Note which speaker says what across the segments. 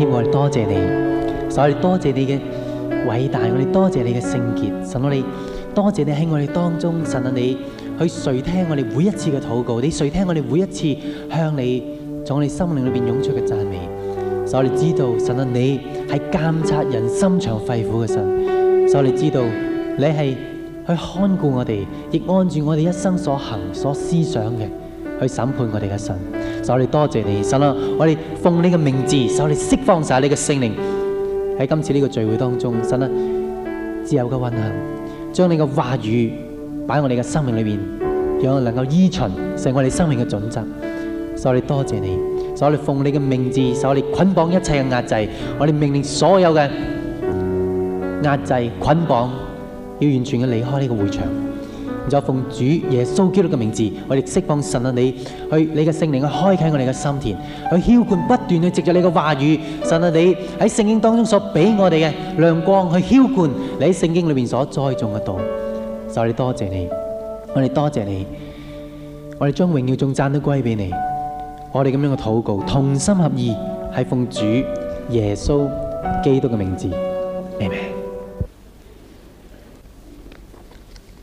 Speaker 1: 我哋多謝你，所以我哋多謝你嘅偉大，我哋多謝你嘅聖潔，神我哋多謝你喺我哋當中，神啊，你去垂聽我哋每一次嘅禱告，你垂聽我哋每一次向你從你心靈裏邊湧出嘅讚美，所以我哋知道神啊，你係監察人心腸肺腑嘅神，所以我哋知道你係去看顧我哋，亦按住我哋一生所行所思想嘅去審判我哋嘅神。所以我哋多謝，謝你，神啊！我哋奉你嘅名字，所以我哋釋放晒你嘅聖靈，喺今次呢個聚會當中，神啊，自由嘅運行，將你嘅話語擺喺我哋嘅生命裏邊，讓我能夠依循，成我哋生命嘅準則。所以我哋多謝，謝你，所以我哋奉你嘅名字，所以我哋捆綁一切嘅壓制，我哋命令所有嘅壓制捆綁，要完全嘅離開呢個會場。然後奉主耶穌基督嘅名字，我哋釋放神啊，你去，你嘅聖靈去開啟我哋嘅心田，去澆灌不斷去植入你嘅話語，神啊，你喺聖經當中所俾我哋嘅亮光去澆灌你喺聖經裏面所栽種嘅道。神，你多謝你，我哋多謝你，我哋將榮耀頌讚都歸俾你。我哋咁樣嘅禱告，同心合意，係奉主耶穌基督嘅名字，阿門。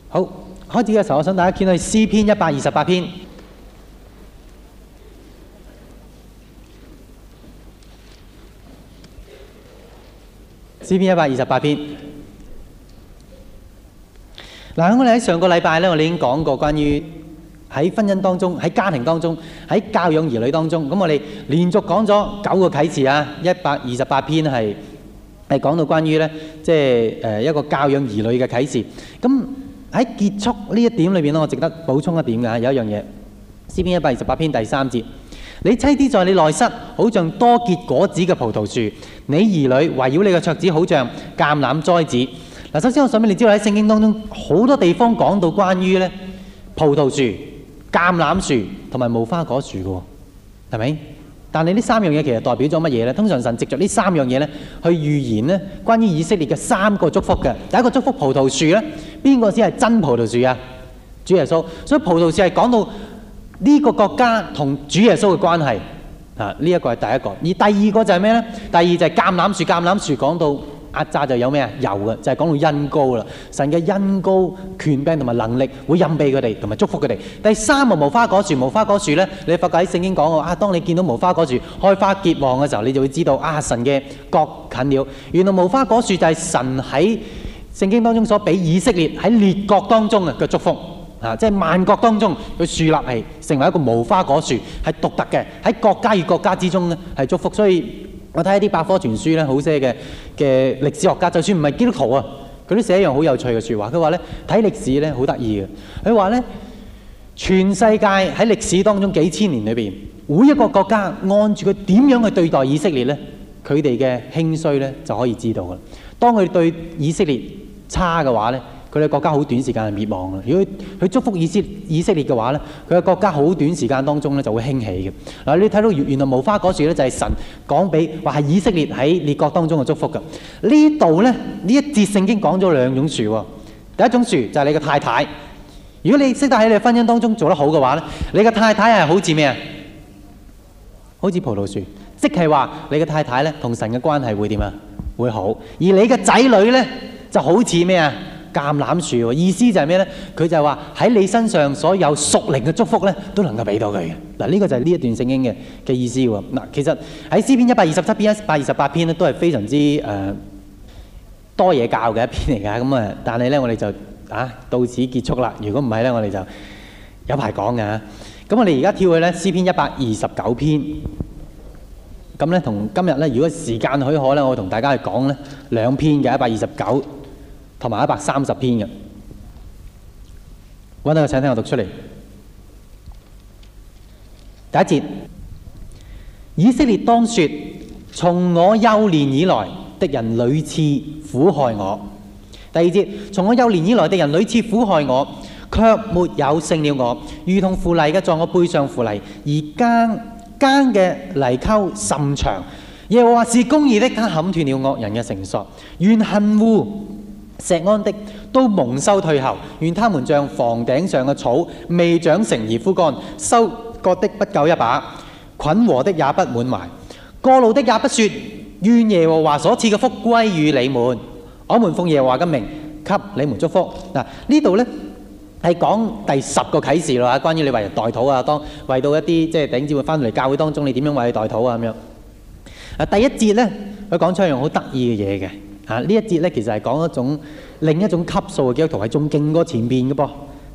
Speaker 1: 好。開始嘅時候，我想大家見到《詩篇》一百二十八篇，《詩篇》一百二十八篇。嗱，我哋喺上個禮拜咧，我哋已經講過關於喺婚姻當中、喺家庭當中、喺教養兒女當中。咁我哋連續講咗九個啟示啊，一百二十八篇係係講到關於咧，即係誒一個教養兒女嘅啟示。咁喺結束呢一點裏面，咧，我值得補充一點嘅有一樣嘢，詩篇一百二十八篇第三節，你妻子在你內室，好像多結果子嘅葡萄樹；你兒女圍繞你嘅桌子，好像橄欖栽子。嗱，首先我想畀你知道喺聖經當中好多地方講到關於咧葡萄樹、橄欖樹同埋無花果樹嘅係咪？但係呢三樣嘢其實代表咗乜嘢呢？通常神藉著呢三樣嘢咧去預言咧，關於以色列嘅三個祝福嘅第一個祝福葡萄樹呢。邊個先係真葡萄樹啊？主耶穌，所以葡萄樹係講到呢個國家同主耶穌嘅關係啊，呢一個係第一個。而第二個就係咩呢？第二就係橄欖樹，橄欖樹講到壓榨就有咩啊？油嘅，就係、是、講到恩膏啦。神嘅恩膏、權柄同埋能力會恩庇佢哋，同埋祝福佢哋。第三，無花果樹，無花果樹呢，你發覺喺聖經講過啊，當你見到無花果樹開花結望嘅時候，你就會知道啊，神嘅國近了。原來無花果樹就係神喺。聖經當中所俾以色列喺列國當中嘅祝福，啊，即係萬國當中佢樹立係成為一個無花果樹，係獨特嘅喺國家與國家之中呢，係祝福。所以我睇一啲百科全書呢，好些嘅嘅歷史學家，就算唔係基督徒啊，佢都寫一樣好有趣嘅説話。佢話呢，睇歷史呢，好得意嘅，佢話呢，全世界喺歷史當中幾千年裏邊，每一個國家按住佢點樣去對待以色列呢，佢哋嘅興衰呢就可以知道啦。當佢對以色列差嘅話呢，佢哋國家好短時間係滅亡嘅。如果佢祝福以色列嘅話呢，佢嘅國家好短時間當中呢就會興起嘅。嗱，你睇到原原來無花果樹呢，就係神講俾話係以色列喺列國當中嘅祝福嘅。呢度呢，呢一節聖經講咗兩種樹喎，第一種樹就係你嘅太太。如果你識得喺你嘅婚姻當中做得好嘅話呢，你嘅太太係好似咩啊？好似葡萄樹，即係話你嘅太太呢，同神嘅關係會點啊？會好。而你嘅仔女呢？就好似咩啊？橄欖樹喎，啊，意思就係咩呢？佢就係話喺你身上所有屬靈嘅祝福呢，都能夠俾到佢嘅。嗱，呢個就係呢一段聖經嘅嘅意思喎。嗱，其實喺詩篇一百二十七篇、一百二十八篇呢，都係非常之誒、呃、多嘢教嘅一篇嚟㗎。咁啊，但係呢，我哋就啊到此結束啦。如果唔係呢，我哋就有排講㗎，啊。咁我哋而家跳去呢詩篇一百二十九篇。咁呢，同今日呢，如果時間許可呢，我會同大家去講呢兩篇嘅一百二十九，同埋一百三十篇嘅，揾到個，請聽我讀出嚟。第一節，以色列當説：從我幼年以來，敵人屢次苦害我。第二節，從我幼年以來，敵人屢次苦害我，卻沒有勝了我，如同扶犁嘅在我背上扶犁，而耕，耕嘅犁溝甚長。耶和華是公義的，他砍斷了惡人嘅繩索，願恨惡。石安的都蒙羞退後，願他們像房頂上嘅草，未長成而枯乾；收割的不夠一把，捆禾的也不滿懷，過路的也不說，願耶和華所賜嘅福歸與你們。我們奉耶和華嘅名，給你們祝福嗱。呢度咧係講第十個啟示啦，關於你為人代禱啊，當為到一啲即係頂子會翻到嚟教會當中，你點樣為佢代禱啊咁樣？啊，第一節咧，佢講出一樣好得意嘅嘢嘅。啊！呢一節咧，其實係講一種另一種級數嘅基督徒，係仲勁過前邊嘅噃，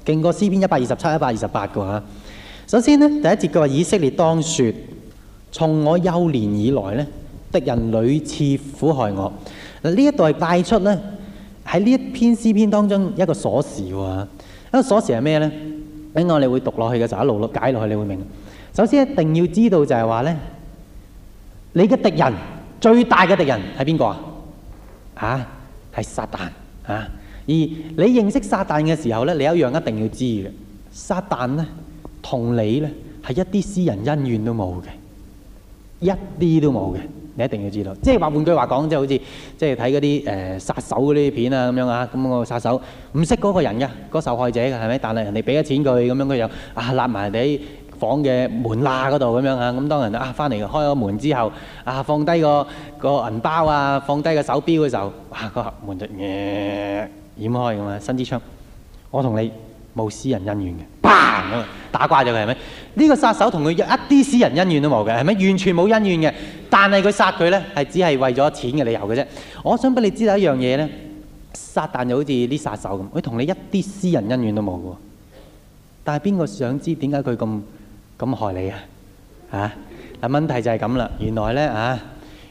Speaker 1: 勁過詩篇一百二十七、一百二十八嘅嚇。首先呢，第一節佢話：以色列當説，從我幼年以來呢，敵人屢次苦害我。嗱，呢一度係帶出呢，喺呢一篇詩篇當中一個鎖匙喎。一個鎖匙係咩呢？等我哋會讀落去嘅時候一路解落去，你會明。首先一定要知道就係話呢，你嘅敵人最大嘅敵人係邊個啊？嚇，係、啊、撒旦啊！而你認識撒旦嘅時候呢，你有一樣一定要知嘅。撒旦呢，同你呢，係一啲私人恩怨都冇嘅，一啲都冇嘅。你一定要知道。即係話換句話講，即係好似即係睇嗰啲誒殺手嗰啲片啊咁樣啊。咁我、那個、殺手唔識嗰個人㗎，嗰、那個、受害者㗎係咪？但係人哋俾咗錢佢，咁樣佢又啊揦埋你。房嘅門罅嗰度咁樣啊，咁當人啊，翻嚟開咗門之後，啊放低個個銀包啊，放低個手錶嘅時候，哇、啊、個門就嘢掩開咁啊！伸支槍，我同你冇私人恩怨嘅，砰咁打瓜咗佢係咪？呢個殺手同佢一啲私人恩怨都冇嘅，係咪完全冇恩怨嘅？但係佢殺佢咧，係只係為咗錢嘅理由嘅啫。我想俾你知道一樣嘢咧，撒旦就好似啲殺手咁，佢同你一啲私人恩怨都冇嘅，但係邊個想知點解佢咁？咁害你啊！嚇、啊，但問題就係咁啦。原來呢，啊、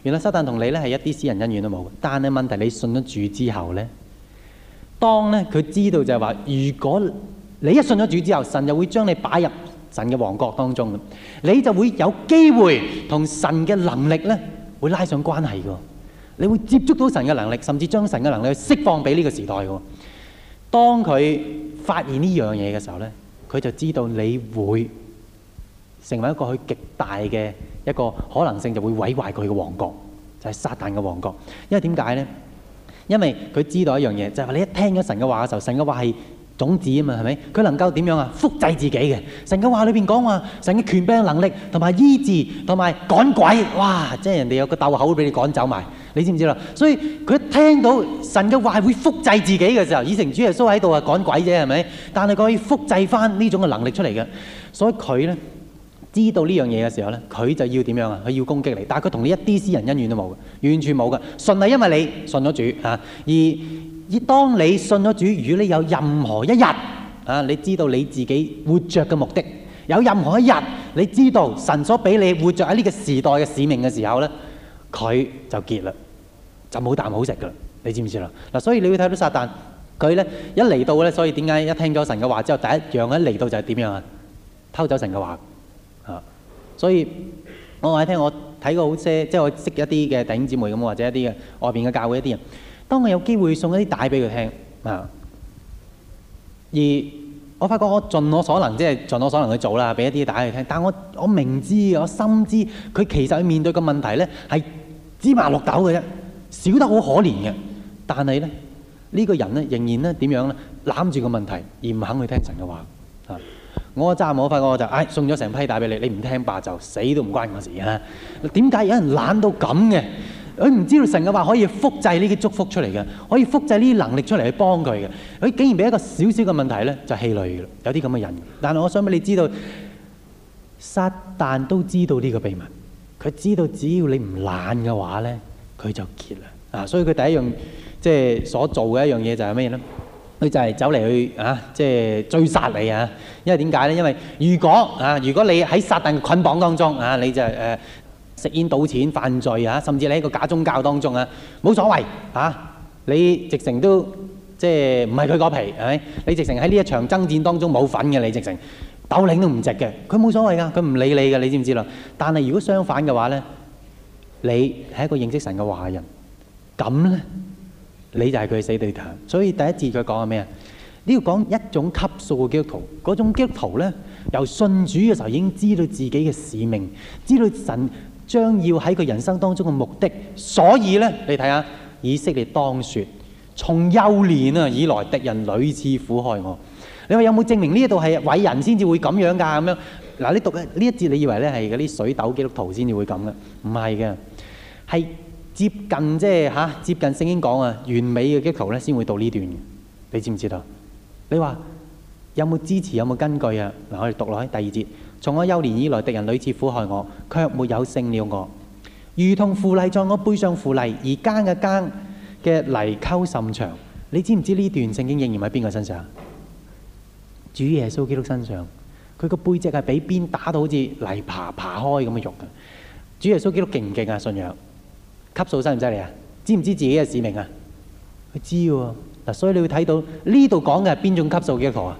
Speaker 1: 原來撒旦同你呢係一啲私人恩怨都冇。但係問題，你信咗主之後呢，當呢，佢知道就係話，如果你一信咗主之後，神就會將你擺入神嘅王國當中，你就會有機會同神嘅能力呢會拉上關係嘅。你會接觸到神嘅能力，甚至將神嘅能力釋放俾呢個時代嘅。當佢發現呢樣嘢嘅時候呢，佢就知道你會。成為一個佢極大嘅一個可能性，就會毀壞佢嘅王國，就係撒但嘅王國。因為點解呢？因為佢知道一樣嘢，就係話你一聽咗神嘅話嘅時候，神嘅話係種子啊嘛，係咪？佢能夠點樣啊？複製自己嘅神嘅話裏邊講話，神嘅權柄、能力同埋醫治同埋趕鬼，哇！即係人哋有個鬥口俾你趕走埋，你知唔知啦？所以佢一聽到神嘅話會複製自己嘅時候，以成主耶穌喺度啊趕鬼啫，係咪？但係佢可以複製翻呢種嘅能力出嚟嘅，所以佢呢。知道呢樣嘢嘅時候呢，佢就要點樣啊？佢要攻擊你，但係佢同你一啲私人恩怨都冇嘅，完全冇嘅。信係因為你信咗主啊，而而當你信咗主，如果你有任何一日啊，你知道你自己活着嘅目的，有任何一日你知道神所俾你活着喺呢個時代嘅使命嘅時候呢，佢就結啦，就冇啖好食噶啦，你知唔知啦？嗱，所以你會睇到撒旦，佢呢一嚟到呢，所以點解一聽咗神嘅話之後，第一樣一嚟到就係點樣啊？偷走神嘅話。所以我話你聽，我睇過好些，即係我識一啲嘅弟兄姊妹咁，或者一啲嘅外邊嘅教會一啲人，當我有機會送一啲帶俾佢聽啊。而我發覺我盡我所能，即係盡我所能去做啦，俾一啲帶佢聽。但我我明知我深知，佢其實佢面對嘅問題咧係芝麻綠豆嘅啫，少得好可憐嘅。但係咧呢個人咧仍然咧點樣咧攬住個問題而唔肯去聽神嘅話。我揸冇發覺，我就誒、哎、送咗成批帶俾你，你唔聽罷就死都唔關我事啊！點解有人懶到咁嘅？佢唔知道神嘅話可以複製呢啲祝福出嚟嘅，可以複製呢啲能力出嚟去幫佢嘅。佢竟然俾一個小小嘅問題咧，就氣餒，有啲咁嘅人，但係我想俾你知道，撒旦都知道呢個秘密，佢知道只要你唔懶嘅話咧，佢就結啦。嗱，所以佢第一樣即係所做嘅一樣嘢就係咩嘢咧？佢就係走嚟去嚇，即係追殺你啊！因為點解咧？因為如果啊，如果你喺撒但捆綁當中啊，你就誒食煙、賭錢、犯罪啊，甚至你喺個假宗教當中啊，冇所謂嚇。你直成都即係唔係佢個皮係咪？你直成喺呢一場爭戰當中冇份嘅，你直成，斗零都唔值嘅。佢冇所謂㗎，佢唔理你㗎，你知唔知啦？但係如果相反嘅話咧，你係一個認識神嘅華人，咁咧？你就係佢死對頭，所以第一節佢講緊咩啊？你要講一種級數嘅基督徒，嗰種基督徒呢，由信主嘅時候已經知道自己嘅使命，知道神將要喺佢人生當中嘅目的，所以呢，你睇下以色列當説，從幼年啊以來，敵人屢次苦害我。你話有冇證明呢一度係偉人先至會咁樣㗎？咁樣嗱，你讀呢一節，你以為呢係嗰啲水痘基督徒先至會咁嘅？唔係嘅，係。接近即係嚇，接近聖經講啊，完美嘅 goal 呢先會到呢段。你知唔知道？你話有冇支持？有冇根據啊？嗱，我哋讀落去第二節，從我幼年以來，敵人屢次苦害我，卻沒有勝了我，如同扶犁在我背上，扶犁而耕嘅耕嘅犁溝甚長。你知唔知呢段聖經應驗喺邊個身上？主耶穌基督身上，佢個背脊係俾鞭打到好似犁耙耙開咁嘅肉。主耶穌基督勁唔勁啊？信仰？級數犀唔犀利啊？知唔知自己嘅使命啊？佢知啊！嗱，所以你會睇到呢度講嘅係邊種級數嘅課啊？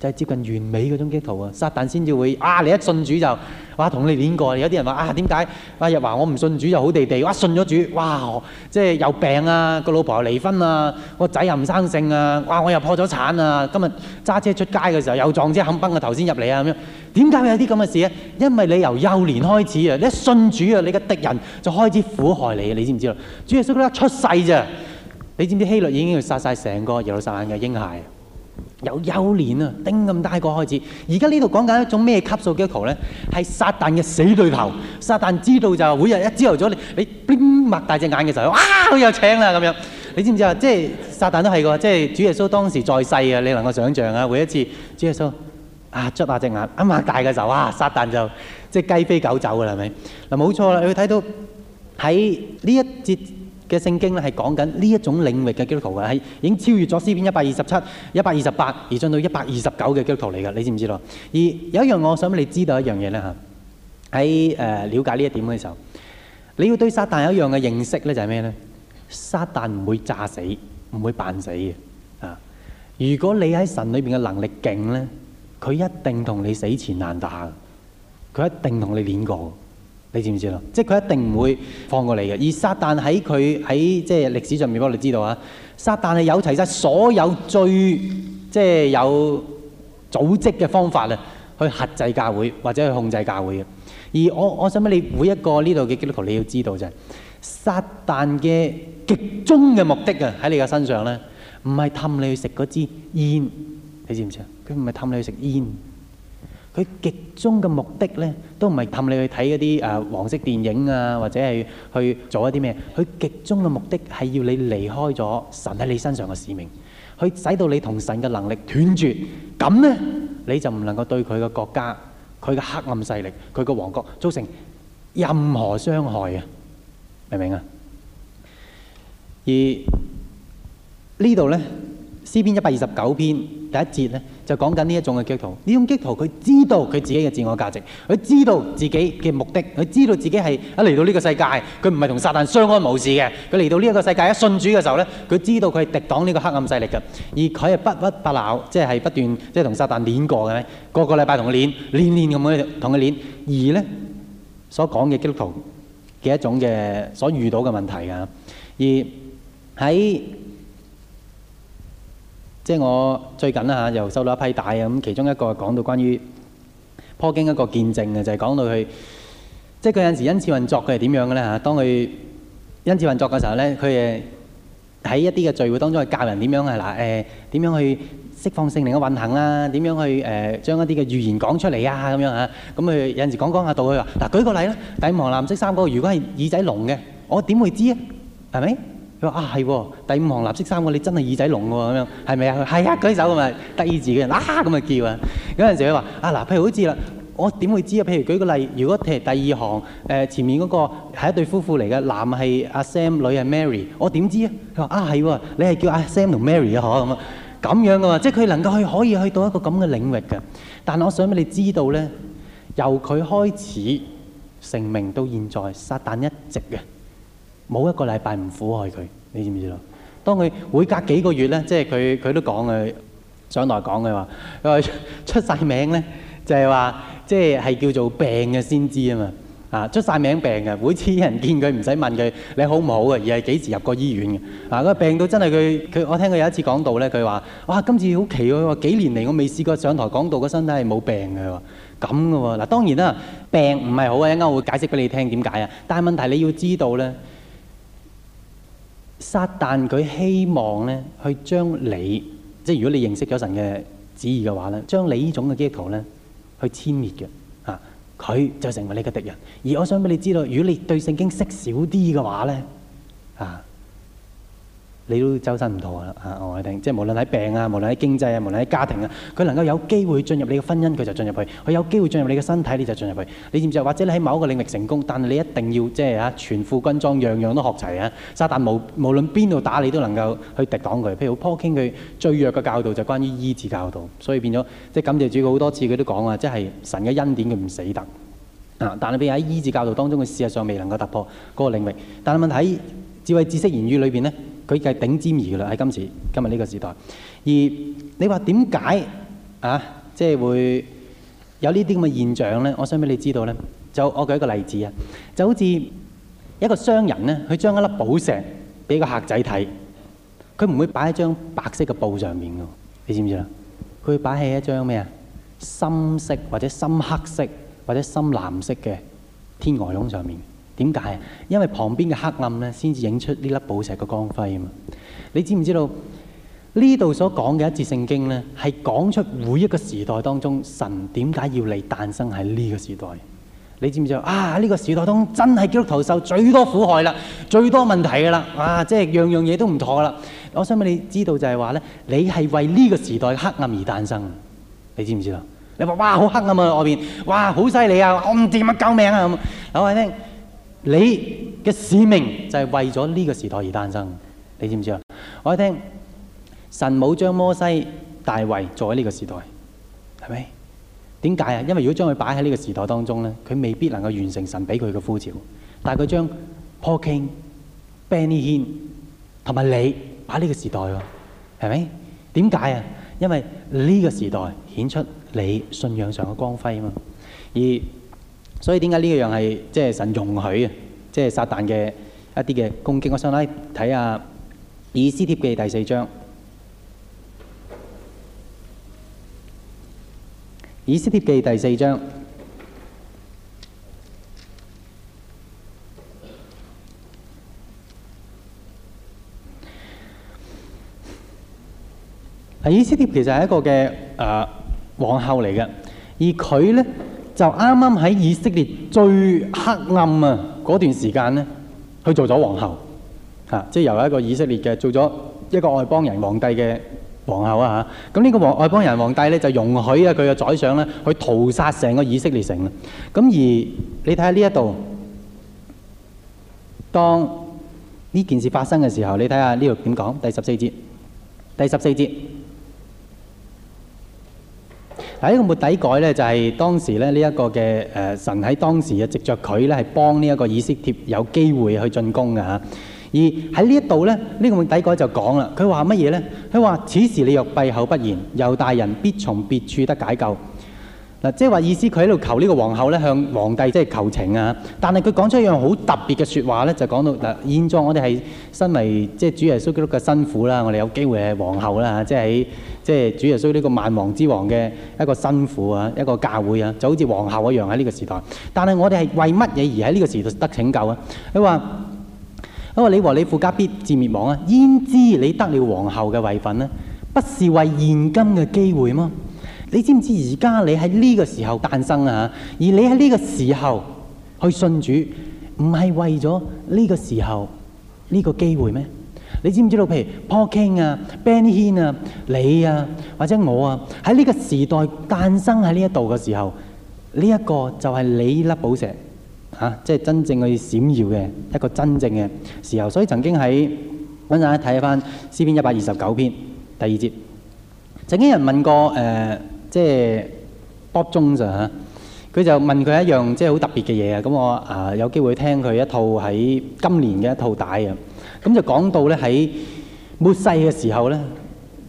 Speaker 1: 就係接近完美嗰種基督徒啊！撒旦先至會啊，你一信主就哇同你碾過。有啲人話啊，點解啊？日華我唔信主就好地地，哇信咗主哇，即係有病啊，個老婆又離婚啊，個仔又唔生性啊，哇我又破咗產啊！今日揸車出街嘅時候又撞車，冚崩個頭先入嚟啊！咁、啊、樣點解會有啲咁嘅事咧？因為你由幼年開始啊，你一信主啊，你嘅敵人就開始苦害你，啊。你知唔知啊？主耶穌剛出世咋？你知唔知希律已經要殺晒成個耶路撒冷嘅嬰孩有幼年啊，丁咁大個開始。而家呢度講緊一種咩級數嘅基督徒咧？係撒但嘅死對頭。撒但知道就每日一朝頭早你，你擘大隻眼嘅時候，哇！佢又請啦咁樣。你知唔知啊？即係撒但都係個，即係主耶穌當時在世啊！你能夠想象啊？每一次主耶穌啊捽下隻眼，一擘大嘅時候，哇！撒但就即係雞飛狗走㗎啦，係咪？嗱，冇錯啦，你會睇到喺呢一節。嘅聖經咧係講緊呢一種領域嘅基督徒嘅，係已經超越咗詩篇一百二十七、一百二十八，而進到一百二十九嘅基督徒嚟嘅，你知唔知道？而有一樣我想畀你知道一樣嘢咧嚇，喺誒了解呢一點嘅時候，你要對撒旦有一樣嘅認識咧，就係咩咧？撒旦唔會炸死，唔會扮死嘅啊！如果你喺神裏邊嘅能力勁咧，佢一定同你死纏爛打，佢一定同你練過。你知唔知啊？即係佢一定唔會放過你嘅。而撒旦喺佢喺即係歷史上面，我哋知道啊，撒旦係有齊晒所有最即係有組織嘅方法啊，去轄制教會或者去控制教會嘅。而我我想畀你，每一個呢度嘅基督徒，你要知道就係：撒旦嘅極終嘅目的啊，喺你嘅身上咧，唔係氹你去食嗰支煙。你知唔知啊？佢唔係氹你去食煙。佢極終嘅目的呢，都唔係氹你去睇嗰啲誒黃色電影啊，或者係去做一啲咩？佢極終嘅目的係要你離開咗神喺你身上嘅使命，去使到你同神嘅能力斷絕，咁呢，你就唔能夠對佢嘅國家、佢嘅黑暗勢力、佢嘅王國造成任何傷害啊，明唔明啊？而呢度呢，詩篇一百二十九篇第一節呢。就講緊呢一種嘅基督徒，呢種基督徒佢知道佢自己嘅自我價值，佢知道自己嘅目的，佢知道自己係一嚟到呢個世界，佢唔係同撒旦相安無事嘅。佢嚟到呢一個世界一信主嘅時候咧，佢知道佢係敵擋呢個黑暗勢力嘅，而佢係不屈不撓，即係係不斷即係同撒旦碾過嘅，個個禮拜同佢碾，碾碾咁樣同佢碾，而咧所講嘅基督徒嘅一種嘅所遇到嘅問題啊，而喺即係我最近啦、啊、嚇，又收到一批帶啊，咁其中一個講到關於破鏡一個見證嘅，就係、是、講到佢，即係佢有陣時恩賜運作佢係點樣嘅咧嚇。當佢恩賜運作嘅時候咧，佢誒喺一啲嘅聚會當中去教人點樣啊嗱誒，點、呃、樣去釋放聖靈嘅運行啦，點樣去誒將、呃、一啲嘅預言講出嚟啊咁樣嚇。咁佢有陣時講講下到佢話嗱，舉個例啦，第五行藍色衫嗰個，如果係耳仔聾嘅，我點會知啊？係咪？佢話啊係第五行藍色衫個你真係耳仔聾喎，咁樣係咪啊？係啊，舉手咁咪第二字嘅人啊咁咪叫啊！有陣時佢話啊嗱，譬如好似啦，我點會知啊？譬如舉個例，如果你第二行誒、呃、前面嗰、嗰個係一對夫婦嚟嘅，男係阿 Sam，女係 Mary，我點知啊？佢話啊係喎，你係叫阿 Sam 同 Mary 啊嗬咁啊咁樣嘅喎，即係佢能夠去可以去到一個咁嘅領域嘅。但係我想俾你知道咧，由佢開始成名到現在，撒旦一直嘅。冇一個禮拜唔苦害佢，你知唔知道？當佢每隔幾個月呢，即係佢佢都講佢上台講嘅話，佢話出晒名呢，就係話即係係叫做病嘅先知嘛啊嘛啊出晒名病嘅每次人見佢唔使問佢你好唔好嘅，而係幾時入過醫院嘅啊。嗰個病到真係佢佢，我聽佢有一次講道呢，佢話哇今次好奇喎，幾年嚟我未試過上台講道個身體係冇病嘅喎，咁嘅喎嗱。當然啦，病唔係好啊，一陣間我會解釋俾你聽點解啊。但係問題是你要知道呢。撒旦佢希望咧，去將你，即係如果你認識咗神嘅旨意嘅話咧，將你這種的呢種嘅基督徒咧，去殲滅嘅，啊，佢就成為你嘅敵人。而我想俾你知道，如果你對聖經識少啲嘅話咧，啊。你都周身唔妥啦，啊！我喺聽，即係無論喺病啊，無論喺經濟啊，無論喺家庭啊，佢能夠有機會進入你嘅婚姻，佢就進入去；佢有機會進入你嘅身體，你就進入去。你知唔知？或者你喺某一個領域成功，但係你一定要即係啊，全副軍裝，樣樣都學齊啊！撒旦無無論邊度打你，都能夠去敵擋佢。譬如 Paul King，佢最弱嘅教導就關於醫治教導，所以變咗即係感謝主好多次，佢都講啊，即係神嘅恩典佢唔死得啊！但係佢喺醫治教導當中嘅事實上未能夠突破嗰個領域，但係問題喺智慧知識言語裏邊呢。佢係頂尖而噶啦，喺今時今日呢個時代。而你話點解啊？即係會有呢啲咁嘅現象咧？我想俾你知道咧，就我舉一個例子啊。就好似一個商人咧，佢將一粒寶石俾個客仔睇，佢唔會擺喺張白色嘅布上面㗎，你知唔知啊？佢會擺喺一張咩啊？深色或者深黑色或者深藍色嘅天鵝絨上面。點解？因為旁邊嘅黑暗咧，先至影出呢粒寶石嘅光輝啊！嘛，你知唔知道呢度所講嘅一節聖經咧，係講出每一個時代當中神點解要你誕生喺呢個時代？你知唔知啊？呢個時代當真係基督徒受最多苦害啦，最多問題噶啦！啊，即係樣樣嘢都唔妥啦！我想畀你知道就係話咧，你係為呢個時代黑暗而誕生。你知唔知道？你話哇，好黑暗啊外邊！哇，好犀利啊！我唔掂啊！救命啊！好唔好聽？你嘅使命就係為咗呢個時代而誕生，你知唔知啊？我一聽神冇將摩西、大衛在呢個時代，係咪？點解啊？因為如果將佢擺喺呢個時代當中咧，佢未必能夠完成神俾佢嘅呼召。但係佢將 Paul King、Benny Hinn 同埋你擺呢個時代喎，係咪？點解啊？因為呢個時代顯出你信仰上嘅光輝啊嘛，而。所以點解呢一樣係即係神容許啊，即係撒但嘅一啲嘅攻擊。我想嚟睇下《以斯帖記》第四章，《以斯帖記》第四章。啊，《以斯帖》其實係一個嘅誒皇后嚟嘅，而佢咧。就啱啱喺以色列最黑暗啊嗰段時間呢，去做咗皇后嚇、啊，即係由一個以色列嘅做咗一個外邦人皇帝嘅皇后啊嚇。咁呢個外邦人皇帝呢，就容許啊佢嘅宰相呢去屠殺成個以色列城。咁、啊、而你睇下呢一度，當呢件事發生嘅時候，你睇下呢度點講？第十四節，第十四節。喺呢個末底改呢，就係當時呢一個嘅神喺當時啊，藉着佢呢係幫呢一個以色列有機會去進攻嘅。而喺呢一度呢，呢個末底改就講啦，佢話乜嘢呢？佢話此時你若閉口不言，猶大人必從別處得解救。嗱，即係話意思，佢喺度求呢個皇后咧，向皇帝即係求情啊！但係佢講出一樣好特別嘅説話咧，就講到嗱，現狀我哋係身為即係主耶穌基督嘅新婦啦，我哋有機會係皇后啦，即係喺即係主耶穌呢個萬王之王嘅一個新婦啊，一個教會啊，就好似皇后一樣喺呢個時代。但係我哋係為乜嘢而喺呢個時代得拯救啊？佢話：因為你和你父家必自滅亡啊！焉知你得了皇后嘅位份呢？不是為現今嘅機會嗎？你知唔知而家你喺呢個時候誕生啊？而你喺呢個時候去信主，唔係為咗呢個時候呢個機會咩？你知唔知道？譬如 Paul King 啊、Benny Hinn 啊、你啊或者我啊，喺呢個時代誕生喺呢一度嘅時候，呢、這、一個就係你粒寶石嚇、啊，即係真正嘅閃耀嘅一個真正嘅時候。所以曾經喺搵大家睇翻詩篇一百二十九篇第二節，曾經有人問過誒。呃即係 Bob Jones 佢就問佢一樣即係好特別嘅嘢啊，咁我啊有機會聽佢一套喺今年嘅一套帶啊，咁就講到咧喺末世嘅時候咧，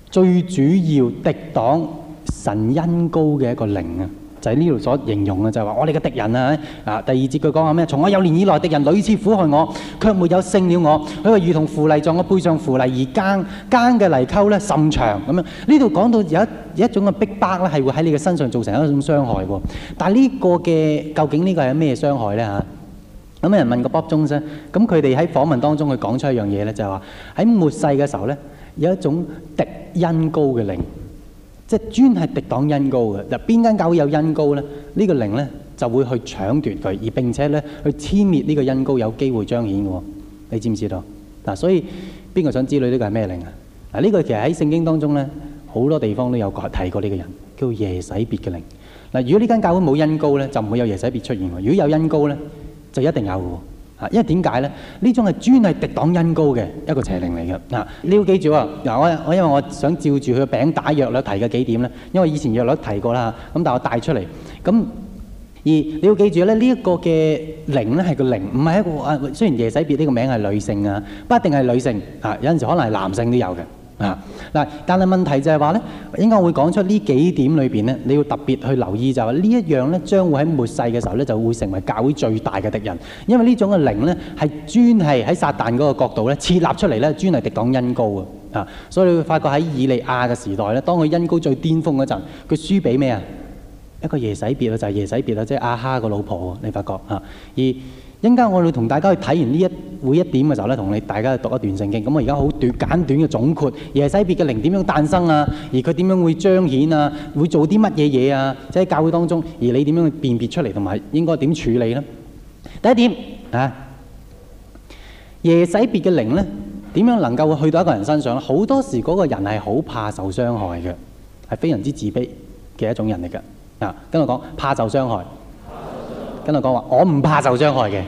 Speaker 1: 最主要敵擋神恩高嘅一個靈啊。就喺呢度所形容嘅就係話我哋嘅敵人啊！啊第二節佢講話咩？從我幼年以來，敵人屢次苦害我，卻沒有勝了我，佢話如同扶犁在我背上扶犁而耕，耕嘅犁溝咧甚長咁樣。呢度講到有一有一種嘅逼迫咧，係會喺你嘅身上造成一種傷害喎。但係呢個嘅究竟呢個係咩傷害咧嚇？咁有人問個 Bob Jones，咁佢哋喺訪問當中佢講出一樣嘢咧，就係話喺末世嘅時候咧，有一種敵恩膏嘅靈。即係專係敵擋恩膏嘅，嗱，邊間教會有恩膏呢？呢、這個靈呢，就會去搶奪佢，而並且呢，去殲滅呢個恩膏，有機會彰顯嘅喎。你知唔知道？嗱、啊，所以邊個想知呢？呢個係咩靈啊？嗱、啊，呢、這個其實喺聖經當中呢，好多地方都有提過呢個人，叫耶洗別嘅靈。嗱、啊，如果呢間教會冇恩膏呢，就唔會有耶洗別出現喎。如果有恩膏呢，就一定有喎。啊，因為點解咧？呢種係專係敵擋恩膏嘅一個邪靈嚟嘅。嗱，你要記住喎。嗱，我我因為我想照住佢餅打藥率提嘅幾點咧，因為以前藥率提過啦。咁但係我帶出嚟。咁二，你要記住咧，呢一個嘅靈咧係個靈，唔係一個啊。雖然耶洗別呢個名係女性啊，不一定係女性。啊，有陣時可能係男性都有嘅。啊！嗱，但係問題就係話咧，應該我會講出呢幾點裏面咧，你要特別去留意就係呢一樣咧，將會喺末世嘅時候咧，就會成為教會最大嘅敵人。因為呢種嘅靈咧，係專係喺撒旦嗰個角度咧設立出嚟咧，專係敵擋恩膏啊！所以你會發覺喺以利亞嘅時代咧，當佢恩膏最巔峰嗰陣，佢輸俾咩啊？一個耶洗別啊，就係耶洗別啊，即係亞哈個老婆啊！你發覺啊，而因家我哋同大家去睇完呢一會一點嘅時候咧，同你大家讀一段聖經。咁我而家好短簡短嘅總括，耶洗別嘅靈點樣誕生啊？而佢點樣會彰顯啊？會做啲乜嘢嘢啊？即係教會當中，而你點樣去辨別出嚟，同埋應該點處理呢？第一點啊，耶洗別嘅靈咧，點樣能夠去到一個人身上咧？好多時嗰個人係好怕受傷害嘅，係非常之自卑嘅一種人嚟嘅。啊，跟我講，怕受傷害。喺度講話，我唔怕受傷害嘅，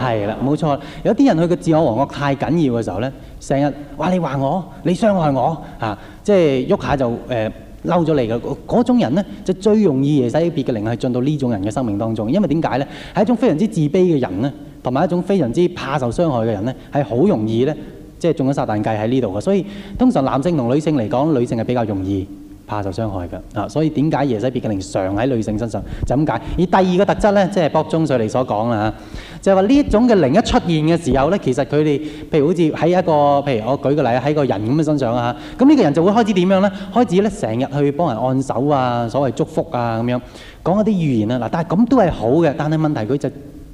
Speaker 1: 係啦，冇錯。有啲人佢嘅自我保護太緊要嘅時候呢，成日話你話我，你傷害我嚇、啊，即係喐下就誒嬲咗你嘅。嗰、呃、種人呢，就最容易惹使別嘅靈去進到呢種人嘅生命當中。因為點解呢？係一種非常之自卑嘅人呢，同埋一種非常之怕受傷害嘅人呢，係好容易呢，即係中咗撒旦計喺呢度嘅。所以通常男性同女性嚟講，女性係比較容易。怕受傷害㗎啊！所以點解耶西別嘅靈常喺女性身上？就咁解。而第二個特質咧，即係博中瑞尼所講啦嚇，就係話呢一種嘅靈一出現嘅時候咧，其實佢哋譬如好似喺一個譬如我舉個例喺個人咁嘅身上啊嚇，咁呢個人就會開始點樣咧？開始咧成日去幫人按手啊，所謂祝福啊咁樣講一啲預言啊嗱。但係咁都係好嘅，但係問題佢就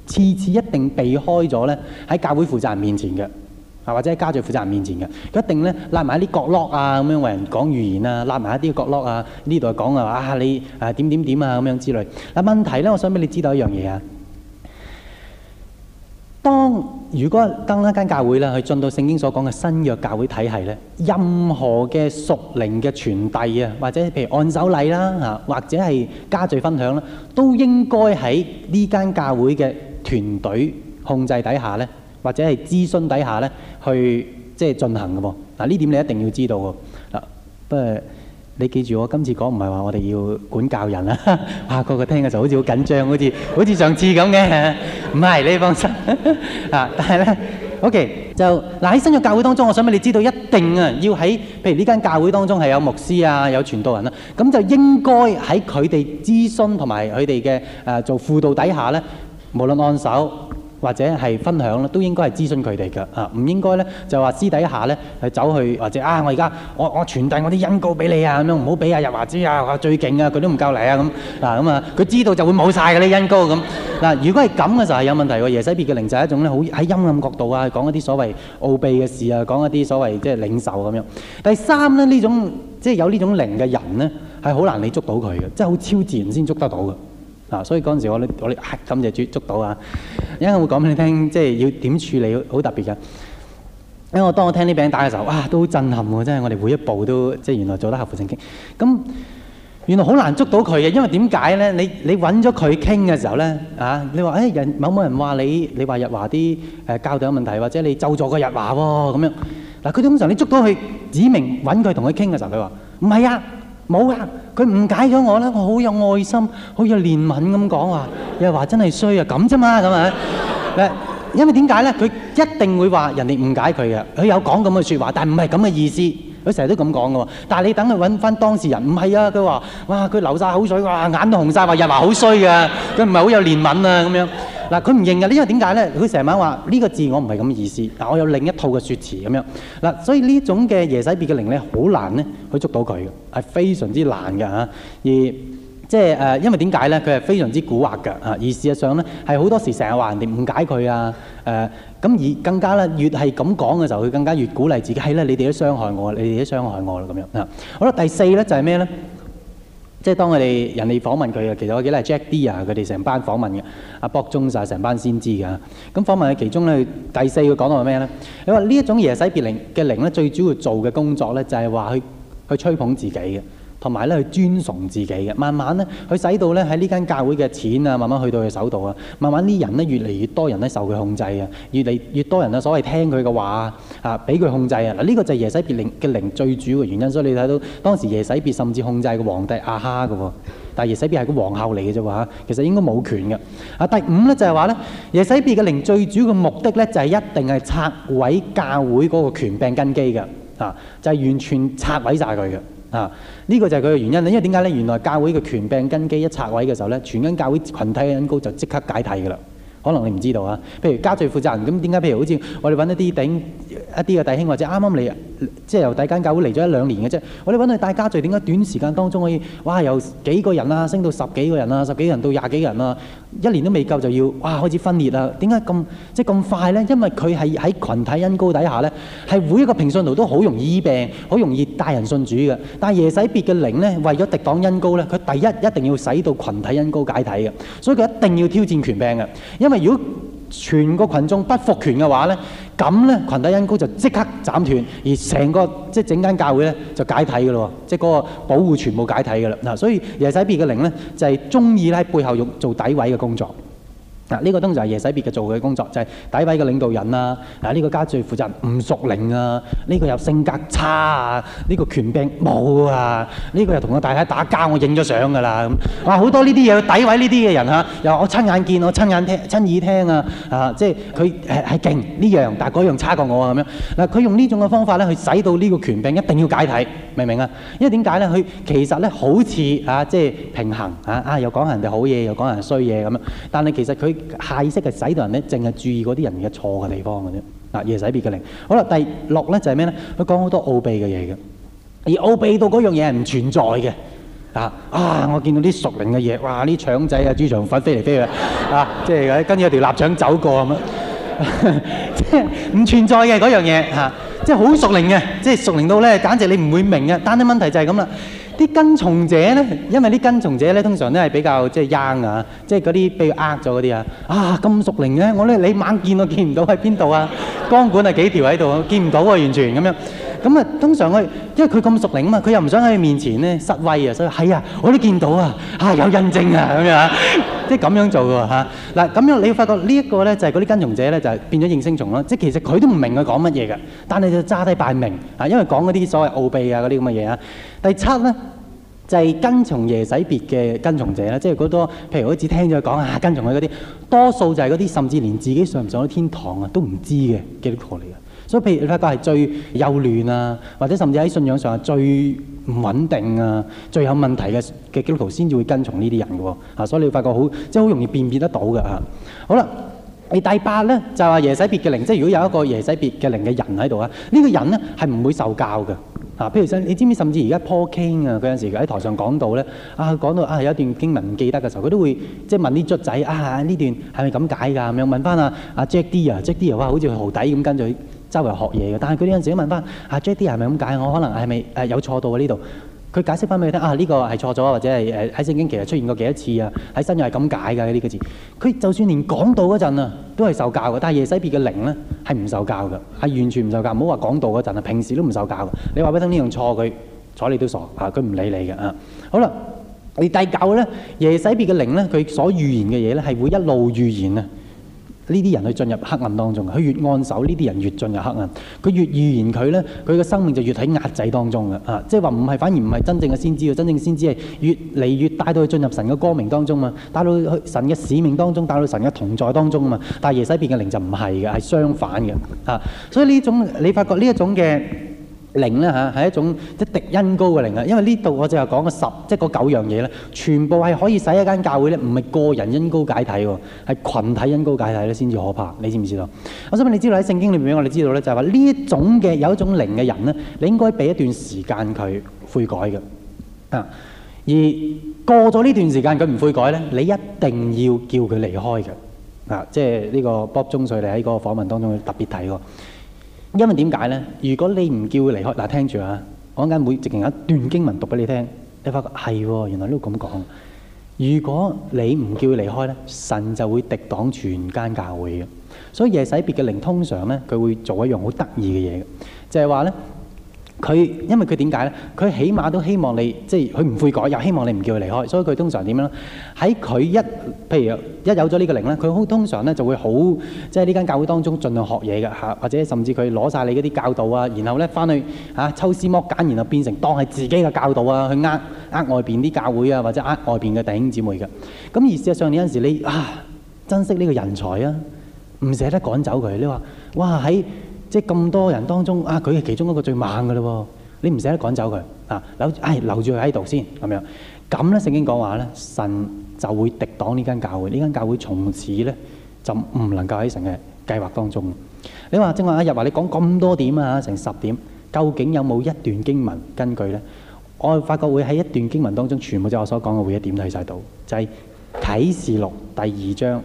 Speaker 1: 次次一定避開咗咧喺教會負責人面前嘅。啊，或者喺家聚負責人面前嘅，一定咧立埋一啲角落啊，咁樣為人講預言啊，立埋一啲角落啊，呢度講啊，啊你誒點點點啊，咁樣之類。嗱，問題咧，我想俾你知道一樣嘢啊。當如果當一間教會啦，去進到聖經所講嘅新約教會體系咧，任何嘅屬靈嘅傳遞啊，或者譬如按手禮啦，啊或者係家聚分享啦，都應該喺呢間教會嘅團隊控制底下咧。或者係諮詢底下咧，去即係進行嘅喎、哦。嗱、啊，呢點你一定要知道喎、啊。不過、啊、你記住，我今次講唔係話我哋要管教人啦、啊。哇、啊，個個聽嘅就好似好緊張，好似好似上次咁嘅。唔係，你放心。啊，但係咧，OK 就嗱喺、啊、新約教會當中，我想俾你知道，一定啊要喺譬如呢間教會當中係有牧師啊，有傳道人啦、啊，咁就應該喺佢哋諮詢同埋佢哋嘅誒做輔導底下咧，無論按手，或者係分享咧，都應該係諮詢佢哋㗎啊！唔應該咧，就話私底下咧係走去，去或者啊，我而家我我傳遞我啲恩膏俾你啊咁樣，唔好俾阿日華知啊！最勁啊，佢都唔夠嚟啊咁嗱咁啊，佢、啊啊、知道就會冇晒嗰啲恩膏咁嗱。如果係咁嘅時候係有問題喎，耶西別嘅靈就係一種咧好喺陰暗角度啊，講一啲所謂奧秘嘅事啊，講一啲所謂即係領受咁樣。第三咧，這種有這種的呢種即係有呢種靈嘅人咧，係好難你捉到佢嘅，即係好超自然先捉得到嘅。啊！所以嗰陣時我哋我哋係咁就捉捉到啊會會，因為我會講俾你聽，即係要點處理好特別嘅。因為我當我聽呢餅帶嘅時候，啊，都好震撼喎、啊，真係我哋每一步都即係原來做得合乎正經。咁原來好難捉到佢嘅，因為點解咧？你你揾咗佢傾嘅時候咧啊？你話誒、哎、人某某人話你，你話日華啲誒教導有問題，或者你咒助個日華喎、哦、咁樣。嗱、啊，佢通常你捉到佢指明揾佢同佢傾嘅時候，佢話唔係啊。冇啊！佢誤解咗我啦，我好有愛心，好有憐憫咁講話，又話真係衰啊咁啫嘛咁啊！嗱，因為點解咧？佢一定會話人哋誤解佢嘅，佢有講咁嘅説話，但唔係咁嘅意思。佢成日都咁講噶喎，但係你等佢揾翻當事人，唔係啊，佢話：哇，佢流晒口水，哇，眼都紅晒，話日華好衰嘅，佢唔係好有憐憫啊咁樣。嗱、啊，佢唔認嘅，因為點解咧？佢成日話：呢個字我唔係咁嘅意思，但我有另一套嘅説辭咁樣。嗱、啊，所以呢種嘅耶洗別嘅靈咧，好難咧，去捉到佢嘅，係非常之難嘅嚇。而即係誒，因為點解咧？佢係非常之蠱惑嘅嚇。而事實上咧，係好多時成日話人哋誤解佢啊，誒。咁而更加咧，越係咁講嘅時候，佢更加越鼓勵自己，係啦，你哋都傷害我，你哋都傷害我啦，咁樣嗱。好啦，第四咧就係咩咧？即係當佢哋人哋訪問佢啊，其實我記得係 Jack D 啊，佢哋成班訪問嘅，阿博中曬成班先知㗎。咁訪問嘅其中咧，第四個講到係咩咧？你話呢一種耶洗別靈嘅靈咧，最主要做嘅工作咧，就係話去去吹捧自己嘅。同埋咧，佢尊崇自己嘅，慢慢咧，佢使到咧喺呢間教會嘅錢啊，慢慢去到佢手度啊，慢慢啲人咧越嚟越多人咧受佢控制啊。越嚟越多人咧所謂聽佢嘅話啊，啊俾佢控制啊，嗱、這、呢個就係耶洗別靈嘅靈最主要嘅原因，所以你睇到當時耶洗別甚至控制個皇帝亞、啊、哈嘅、哦，但係耶洗別係個皇后嚟嘅啫喎，其實應該冇權嘅。啊第五咧就係話咧，耶洗別嘅靈最主要嘅目的咧就係、是、一定係拆毀教會嗰個權柄根基嘅，啊就係、是、完全拆毀晒佢嘅。呢、啊呢個就係佢嘅原因，因為點解咧？原來教會嘅權柄根基一拆位嘅時候咧，全根教會群體嘅根基就即刻解體嘅啦。可能你唔知道啊，譬如家最負責人咁，點解譬如好似我哋揾一啲頂。一啲嘅弟兄或者啱啱嚟，即係由第一間教會嚟咗一兩年嘅啫。我哋揾佢帶家聚，點解短時間當中可以哇？由幾個人啦、啊，升到十幾個人啦、啊，十幾個人到廿幾個人啦、啊，一年都未夠就要哇開始分裂啦？點解咁即係咁快呢？因為佢係喺群體恩高底下呢，係每一個平信徒都好容易醫病，好容易帶人信主嘅。但係耶洗別嘅靈呢，為咗敵擋恩高呢，佢第一一定要使到群體恩高解體嘅，所以佢一定要挑戰權柄嘅。因為如果全個群眾不服權嘅話呢。咁呢群體恩膏就即刻斬斷，而成個即整間教會呢就解體㗎咯，即嗰個保護全部解體㗎啦。嗱，所以耶洗別嘅靈呢就係中意喺背後用做詆毀嘅工作。啊！呢、這個當然就係耶洗別嘅做嘅工作，就係詆毀嘅領導人啦、啊。啊！呢、這個家最負責吳淑玲啊，呢、這個又性格差啊，呢、這個權柄冇啊，呢、這個又同個太太打交，我影咗相㗎啦咁。哇！好多呢啲嘢去詆毀呢啲嘅人嚇、啊，又我親眼見，我親眼聽，親耳聽啊啊！即係佢係係勁呢樣，但係嗰樣差過我啊。咁樣。嗱、啊，佢用呢種嘅方法咧，去使到呢個權柄一定要解體，明唔明啊？因為點解咧？佢其實咧好似啊，即、就、係、是、平衡啊啊，又講人哋好嘢，又講人衰嘢咁樣。但係其實佢。下意識嘅使到人咧，淨係注意嗰啲人嘅錯嘅地方嘅啫。嗱，耶洗別嘅靈。好啦，第六咧就係咩咧？佢講好多奧秘嘅嘢嘅，而奧秘到嗰樣嘢係唔存在嘅。啊啊！我見到啲屬靈嘅嘢，哇！啲腸仔啊、豬腸粉飛嚟飛去 啊，即係跟住有條臘腸走過咁樣， 即係唔存在嘅嗰樣嘢嚇，即係好屬靈嘅，即係屬靈到咧，簡直你唔會明嘅。單一問題就係咁啦。啲跟從者咧，因為啲跟從者咧，通常都係比較即係 young 啊，即係嗰啲被呃咗嗰啲啊，啊咁屬靈咧，我咧你猛見都見唔到喺邊度啊？光 管係幾條喺度啊？見唔到啊，完全咁樣。咁啊，通常佢因為佢咁熟靈啊嘛，佢又唔想喺佢面前咧失威啊，所以係啊，我都見到啊，嚇、啊、有印證啊，咁樣即係咁樣做嘅喎。嗱咁樣你要發覺這呢一個咧，就係嗰啲跟從者咧，就係變咗應聲蟲咯。即係其實佢都唔明佢講乜嘢嘅，但係就揸低拜明。啊，因為講嗰啲所謂奧秘啊嗰啲咁嘅嘢啊。第七咧就係、是、跟從耶洗別嘅跟從者啦。即係好多譬如我只聽咗佢講啊，跟從佢嗰啲多數就係嗰啲，甚至連自己上唔上到天堂啊都唔知嘅基督徒嚟嘅。所以譬如你發覺係最幼嫩啊，或者甚至喺信仰上係最唔穩定啊、最有問題嘅嘅基督徒先至會跟從呢啲人喎，嚇！所以你會發覺好即係好容易辨別得到嘅嚇。好啦，你第八咧就係話耶洗別嘅靈，即係如果有一個耶洗別嘅靈嘅人喺度啊，呢個人咧係唔會受教嘅嚇、啊。譬如你知唔知，甚至而家 Paul King 啊嗰陣時喺台上講到咧，啊講到啊有一段經文唔記得嘅時候，佢都會即係問啲卒仔啊，呢段係咪咁解㗎？咁樣問翻啊阿 Jack D 啊 Jack D 啊，哇好似佢豪底咁跟住。周圍學嘢嘅，但係佢呢陣時都問翻阿、啊、Jackie 係咪咁解？我可能係咪誒有錯到啊？呢度佢解釋翻俾你聽啊，呢個係錯咗，或者係誒喺聖經其實出現過幾多次啊？喺新約係咁解㗎呢、呢個字。佢就算連講道嗰陣啊，都係受教嘅。但係耶洗別嘅靈咧，係唔受教嘅，係完全唔受教。唔好話講道嗰陣啊，平時都唔受教。你話俾佢聽呢樣錯，佢睬你都傻啊！佢唔理你嘅啊。好啦，而第九咧，耶洗別嘅靈咧，佢所預言嘅嘢咧，係會一路預言啊。呢啲人去進入黑暗當中，佢越按手，呢啲人越進入黑暗。佢越預言佢呢，佢嘅生命就越喺壓制當中嘅啊！即係話唔係，反而唔係真正嘅先知，真正先知係越嚟越帶到佢進入神嘅光明當中嘛，帶到去神嘅使命當中，帶到神嘅同在當中嘛。但係耶洗別嘅靈就唔係嘅，係相反嘅啊！所以呢種你發覺呢一種嘅。靈咧嚇係一種，即係敵恩高嘅靈啊，因為呢度我就係講個十，即係嗰九樣嘢咧，全部係可以使一間教會咧，唔係個人恩高解體喎，係羣體恩高解體咧先至可怕。你知唔知道？我想問你知道喺聖經裏面我哋知道咧，就係話呢一種嘅有一種靈嘅人咧，你應該俾一段時間佢悔改嘅啊。而過咗呢段時間佢唔悔改咧，你一定要叫佢離開嘅啊。即係呢個 Bob 中水你喺個訪問當中特別睇。因為點解呢？如果你唔叫佢離開，嗱、啊，聽住啊，我陣間會直情一段經文讀俾你聽，你發覺係喎，原來都咁講。如果你唔叫佢離開呢，神就會敵擋全間教會嘅。所以耶洗別嘅靈通常呢，佢會做一樣好得意嘅嘢，就係、是、話呢。佢因為佢點解咧？佢起碼都希望你，即係佢唔悔改，又希望你唔叫佢離開，所以佢通常點樣咧？喺佢一譬如一有咗呢個靈咧，佢好通常咧就會好，即係呢間教會當中盡量學嘢嘅嚇，或者甚至佢攞晒你嗰啲教導啊，然後咧翻去嚇、啊、抽絲剝繭，然後變成當係自己嘅教導啊，去呃呃外邊啲教會啊，或者呃外邊嘅弟兄姊妹嘅。咁而事實上，有陣時你啊珍惜呢個人才啊，唔捨得趕走佢，你話哇喺～在即係咁多人當中啊，佢係其中一個最猛嘅咯喎，你唔捨得趕走佢啊，留，唉，留住佢喺度先咁樣，咁咧聖經講話咧，神就會敵擋呢間教會，呢間教會從此咧就唔能夠喺神嘅計劃當中。你話正話阿日話你講咁多點啊，成十點，究竟有冇一段經文根據咧？我發覺會喺一段經文當中，全部即我所講嘅會一點都睇晒到，就係啟示錄第二章。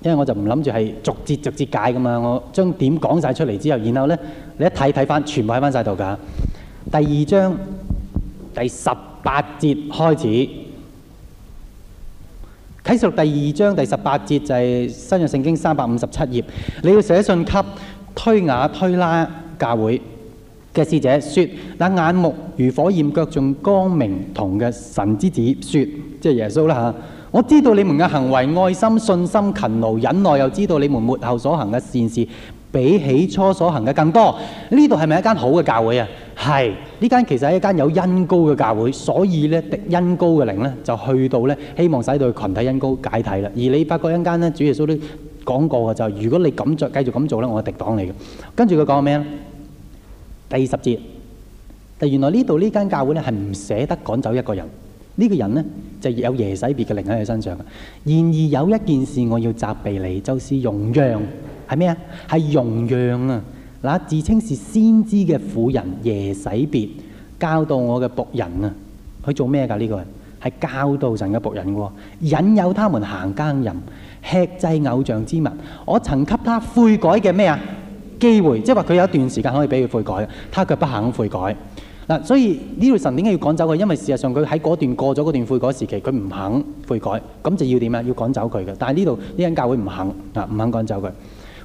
Speaker 1: 因為我就唔諗住係逐節逐節解噶嘛，我將點講晒出嚟之後，然後呢，你一睇睇翻，全部喺翻晒度㗎。第二章第十八節開始，啟示錄第二章第十八節就係新約聖經三百五十七頁。你要寫信給推雅推拉教會嘅使者說，説：那眼目如火焰，腳像光明銅嘅神之子，説，即係耶穌啦嚇。我知道你們嘅行為、愛心、信心、勤勞、忍耐，又知道你們末後所行嘅善事，比起初所行嘅更多。呢度係咪一間好嘅教會啊？係呢間其實係一間有恩膏嘅教會，所以咧，敵恩膏嘅靈咧，就去到咧，希望使到佢羣體恩膏解體啦。而你發覺一間咧，主耶穌都講過嘅就係、是，如果你咁做，繼續咁做咧，我係敵擋嚟嘅。跟住佢講咩咧？第十節，但原來呢度呢間教會咧係唔捨得趕走一個人。呢個人呢，就有耶洗別嘅靈喺佢身上嘅。然而有一件事我要責備你，就是容讓係咩啊？係容讓啊！嗱，自稱是先知嘅婦人耶洗別教導我嘅僕人啊，佢做咩噶呢個人？係教導神嘅僕人喎，引誘他們行奸淫、吃祭偶像之物。我曾給他悔改嘅咩啊機會？即係話佢有一段時間可以俾佢悔改，他卻不肯悔改。嗱、啊，所以呢度神點解要趕走佢？因為事實上佢喺嗰段過咗嗰段悔改時期，佢唔肯悔改，咁就要點啊？要趕走佢嘅。但係呢度呢間教會唔肯啊，唔肯趕走佢。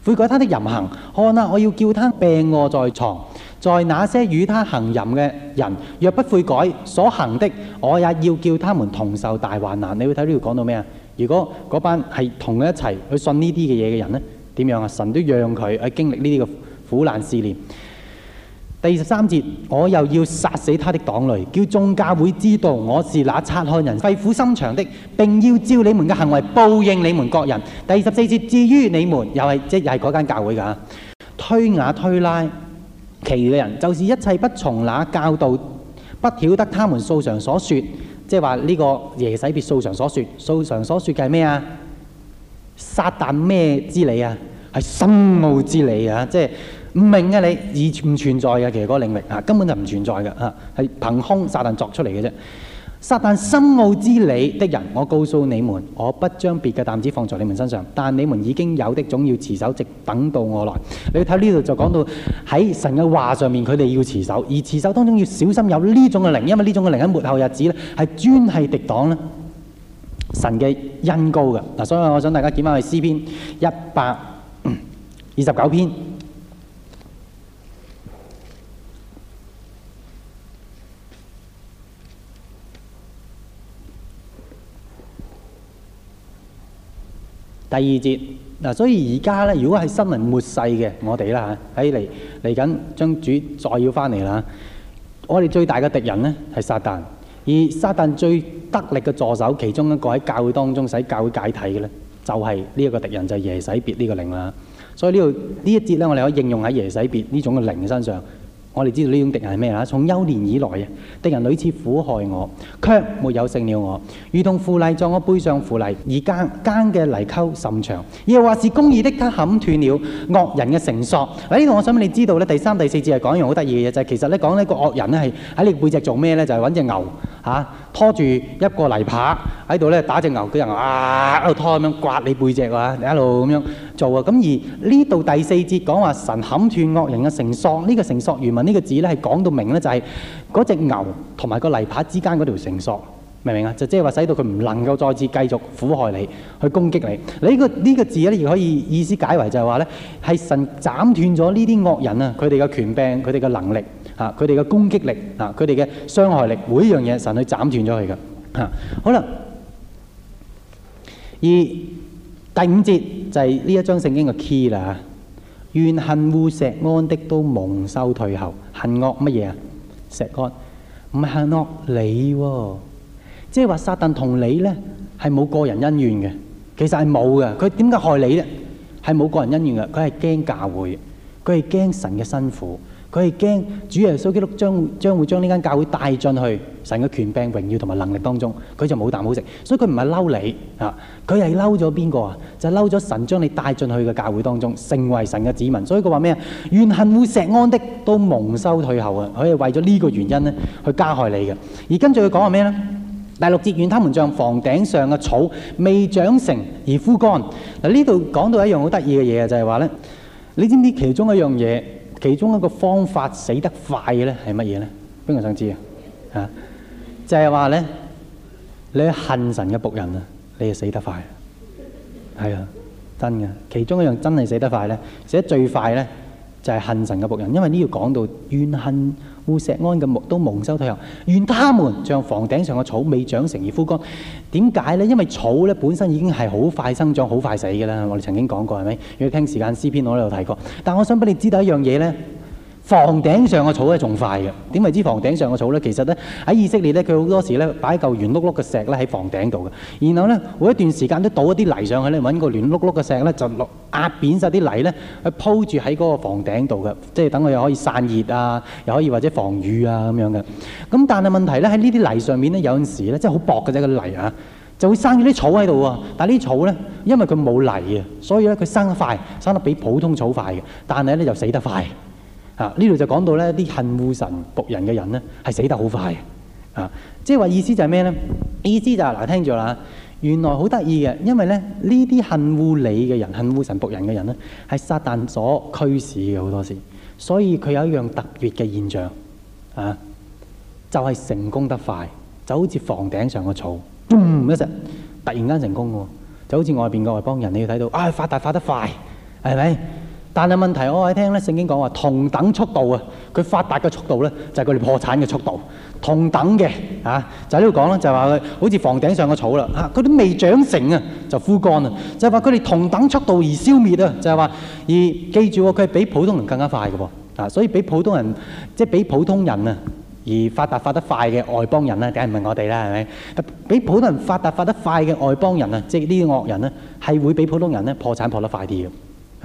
Speaker 1: 悔改他的淫行，看啊！我要叫他病卧在床，在那些與他行淫嘅人，若不悔改所行的，我也要叫他們同受大患難。你會睇呢度講到咩啊？如果嗰班係同佢一齊去信呢啲嘅嘢嘅人呢，點樣啊？神都讓佢去經歷呢啲嘅苦難試煉。第十三節，我又要殺死他的黨類，叫眾教會知道我是那察看人肺腑心腸的，並要照你們嘅行為報應你們各人。第十四節，至於你們又係即又係嗰間教會噶，推雅推拉其餘嘅人，就是一切不從那教導，不曉得他們素常所說，即係話呢個耶洗別素常所說，素常所說嘅係咩啊？撒旦咩之理啊？係深奧之理啊！即係。唔明嘅你而唔存在嘅，其實嗰個領域啊，根本就唔存在嘅吓，係，啊，憑空撒旦作出嚟嘅啫。撒旦深奧之理的人，我告訴你們，我不將別嘅擔子放在你們身上，但你們已經有的總要持守，直等到我來。你睇呢度就講到喺神嘅話上面，佢哋要持守，而持守當中要小心有呢種嘅靈，因為呢種嘅靈喺末後日子咧係專係敵擋咧神嘅恩膏嘅嗱。所以我想大家檢翻去詩篇一百二十九篇。第二節嗱，所以而家咧，如果係新人末世嘅，我哋啦嚇喺嚟嚟緊，將主再要返嚟啦。我哋最大嘅敵人咧係撒但，而撒但最得力嘅助手，其中一個喺教會當中使教會解體嘅咧，就係呢一個敵人就係耶洗別呢個靈啦。所以呢度呢一節咧，我哋可以應用喺耶洗別呢種嘅靈身上。我哋知道呢種敵人係咩啊？從幼年以來啊，敵人屢次苦害我，卻沒有勝了我，如同扶犁在我背上，扶犁而耕，耕嘅泥溝甚長，而又話是公義的，他砍斷了惡人嘅繩索。喺呢度我想俾你知道咧，第三第四節係講一樣好得意嘅嘢，就係其實咧講呢個惡人咧係喺你背脊做咩咧？就係揾隻牛嚇。啊拖住一個泥耙喺度咧打隻牛，啲人啊一度拖咁樣刮你背脊啊，你一路咁樣做啊。咁而呢度第四節講話神砍斷惡人嘅繩索，呢、這個繩索原文呢個字咧係講到明咧、就是，就係嗰隻牛同埋個泥耙之間嗰條繩索，明唔明啊？就即係話使到佢唔能夠再次繼續苦害你，去攻擊你。你、這、呢個呢、這個字咧亦可以意思解為就係話咧係神斬斷咗呢啲惡人啊佢哋嘅權柄，佢哋嘅能力。啊！佢哋嘅攻擊力，啊！佢哋嘅傷害力，每一樣嘢，神去斬斷咗佢噶。啊，好啦。而第五節就係呢一章聖經嘅 key 啦。願恨惡錫安的都蒙羞退後，恨惡乜嘢啊？錫安唔係恨惡你喎，即係話撒但同你咧係冇個人恩怨嘅，其實係冇嘅。佢點解害你咧？係冇個人恩怨嘅，佢係驚教會，佢係驚神嘅辛苦。佢係驚主耶穌基督將將會將呢間教會帶進去神嘅權柄、榮耀同埋能力當中，佢就冇啖好食，所以佢唔係嬲你啊，佢係嬲咗邊個啊？就係嬲咗神將你帶進去嘅教會當中，成為神嘅子民。所以佢話咩啊？怨恨會錫安的都蒙羞退後啊！佢係為咗呢個原因咧去加害你嘅。而跟住佢講話咩咧？第六節，願他們像房頂上嘅草，未長成而枯乾。嗱，呢度講到一樣好得意嘅嘢，就係話咧，你知唔知其中一樣嘢？其中一個方法死得快嘅咧係乜嘢咧？邊個想知啊？嚇，就係話咧，你恨神嘅僕人啊，你就死得快啊，係啊，真嘅。其中一樣真係死得快咧，死得最快咧。就係恨神嘅僕人，因為呢度講到願恨惡錫安嘅木都蒙羞退後，願他們像房頂上嘅草未長成而枯乾。點解呢？因為草咧本身已經係好快生長、好快死嘅啦。我哋曾經講過係咪？要聽時間詩篇我都有提過，但我想俾你知道一樣嘢咧。房頂上嘅草咧仲快嘅。點為之房頂上嘅草咧？其實咧喺以色列咧，佢好多時咧擺嚿圓碌碌嘅石咧喺房頂度嘅，然後咧每一段時間都倒一啲泥上去咧，揾個圓碌碌嘅石咧就落壓扁晒啲泥咧，去鋪住喺嗰個房頂度嘅，即係等佢又可以散熱啊，又可以或者防雨啊咁樣嘅。咁但係問題咧喺呢啲泥上面咧有陣時咧真係好薄嘅啫個泥啊，就會生咗啲草喺度喎。但係呢啲草咧因為佢冇泥嘅，所以咧佢生得快，生得比普通草快嘅，但係咧就死得快。啊！呢度就講到呢啲恨惡神僕人嘅人呢，係死得好快啊，即係話意思就係咩呢？意思就係、是、嗱，聽住啦，原來好得意嘅，因為咧呢啲恨惡你嘅人、恨惡神僕人嘅人呢，係撒但所驅使嘅好多時，所以佢有一樣特別嘅現象啊，就係、是、成功得快，就好似房頂上嘅草，一突然間成功喎，就好似外邊嘅外邦人，你要睇到啊發達發得快，係咪？但係問題，我喺聽咧，聖經講話同等速度啊，佢發達嘅速度咧，就係佢哋破產嘅速度。同等嘅啊，就喺呢度講啦，就係話佢好似房頂上嘅草啦，嚇，佢都未長成啊，就枯乾啊，就係話佢哋同等速度而消滅啊，就係話而記住喎，佢係比普通人更加快嘅喎，啊，所以比普通人即係比普通人啊，而發達發得快嘅外邦人咧，梗係唔係我哋啦，係咪？比普通人發達發得快嘅外邦人啊，即係呢啲惡人咧，係會比普通人咧破產破得快啲嘅。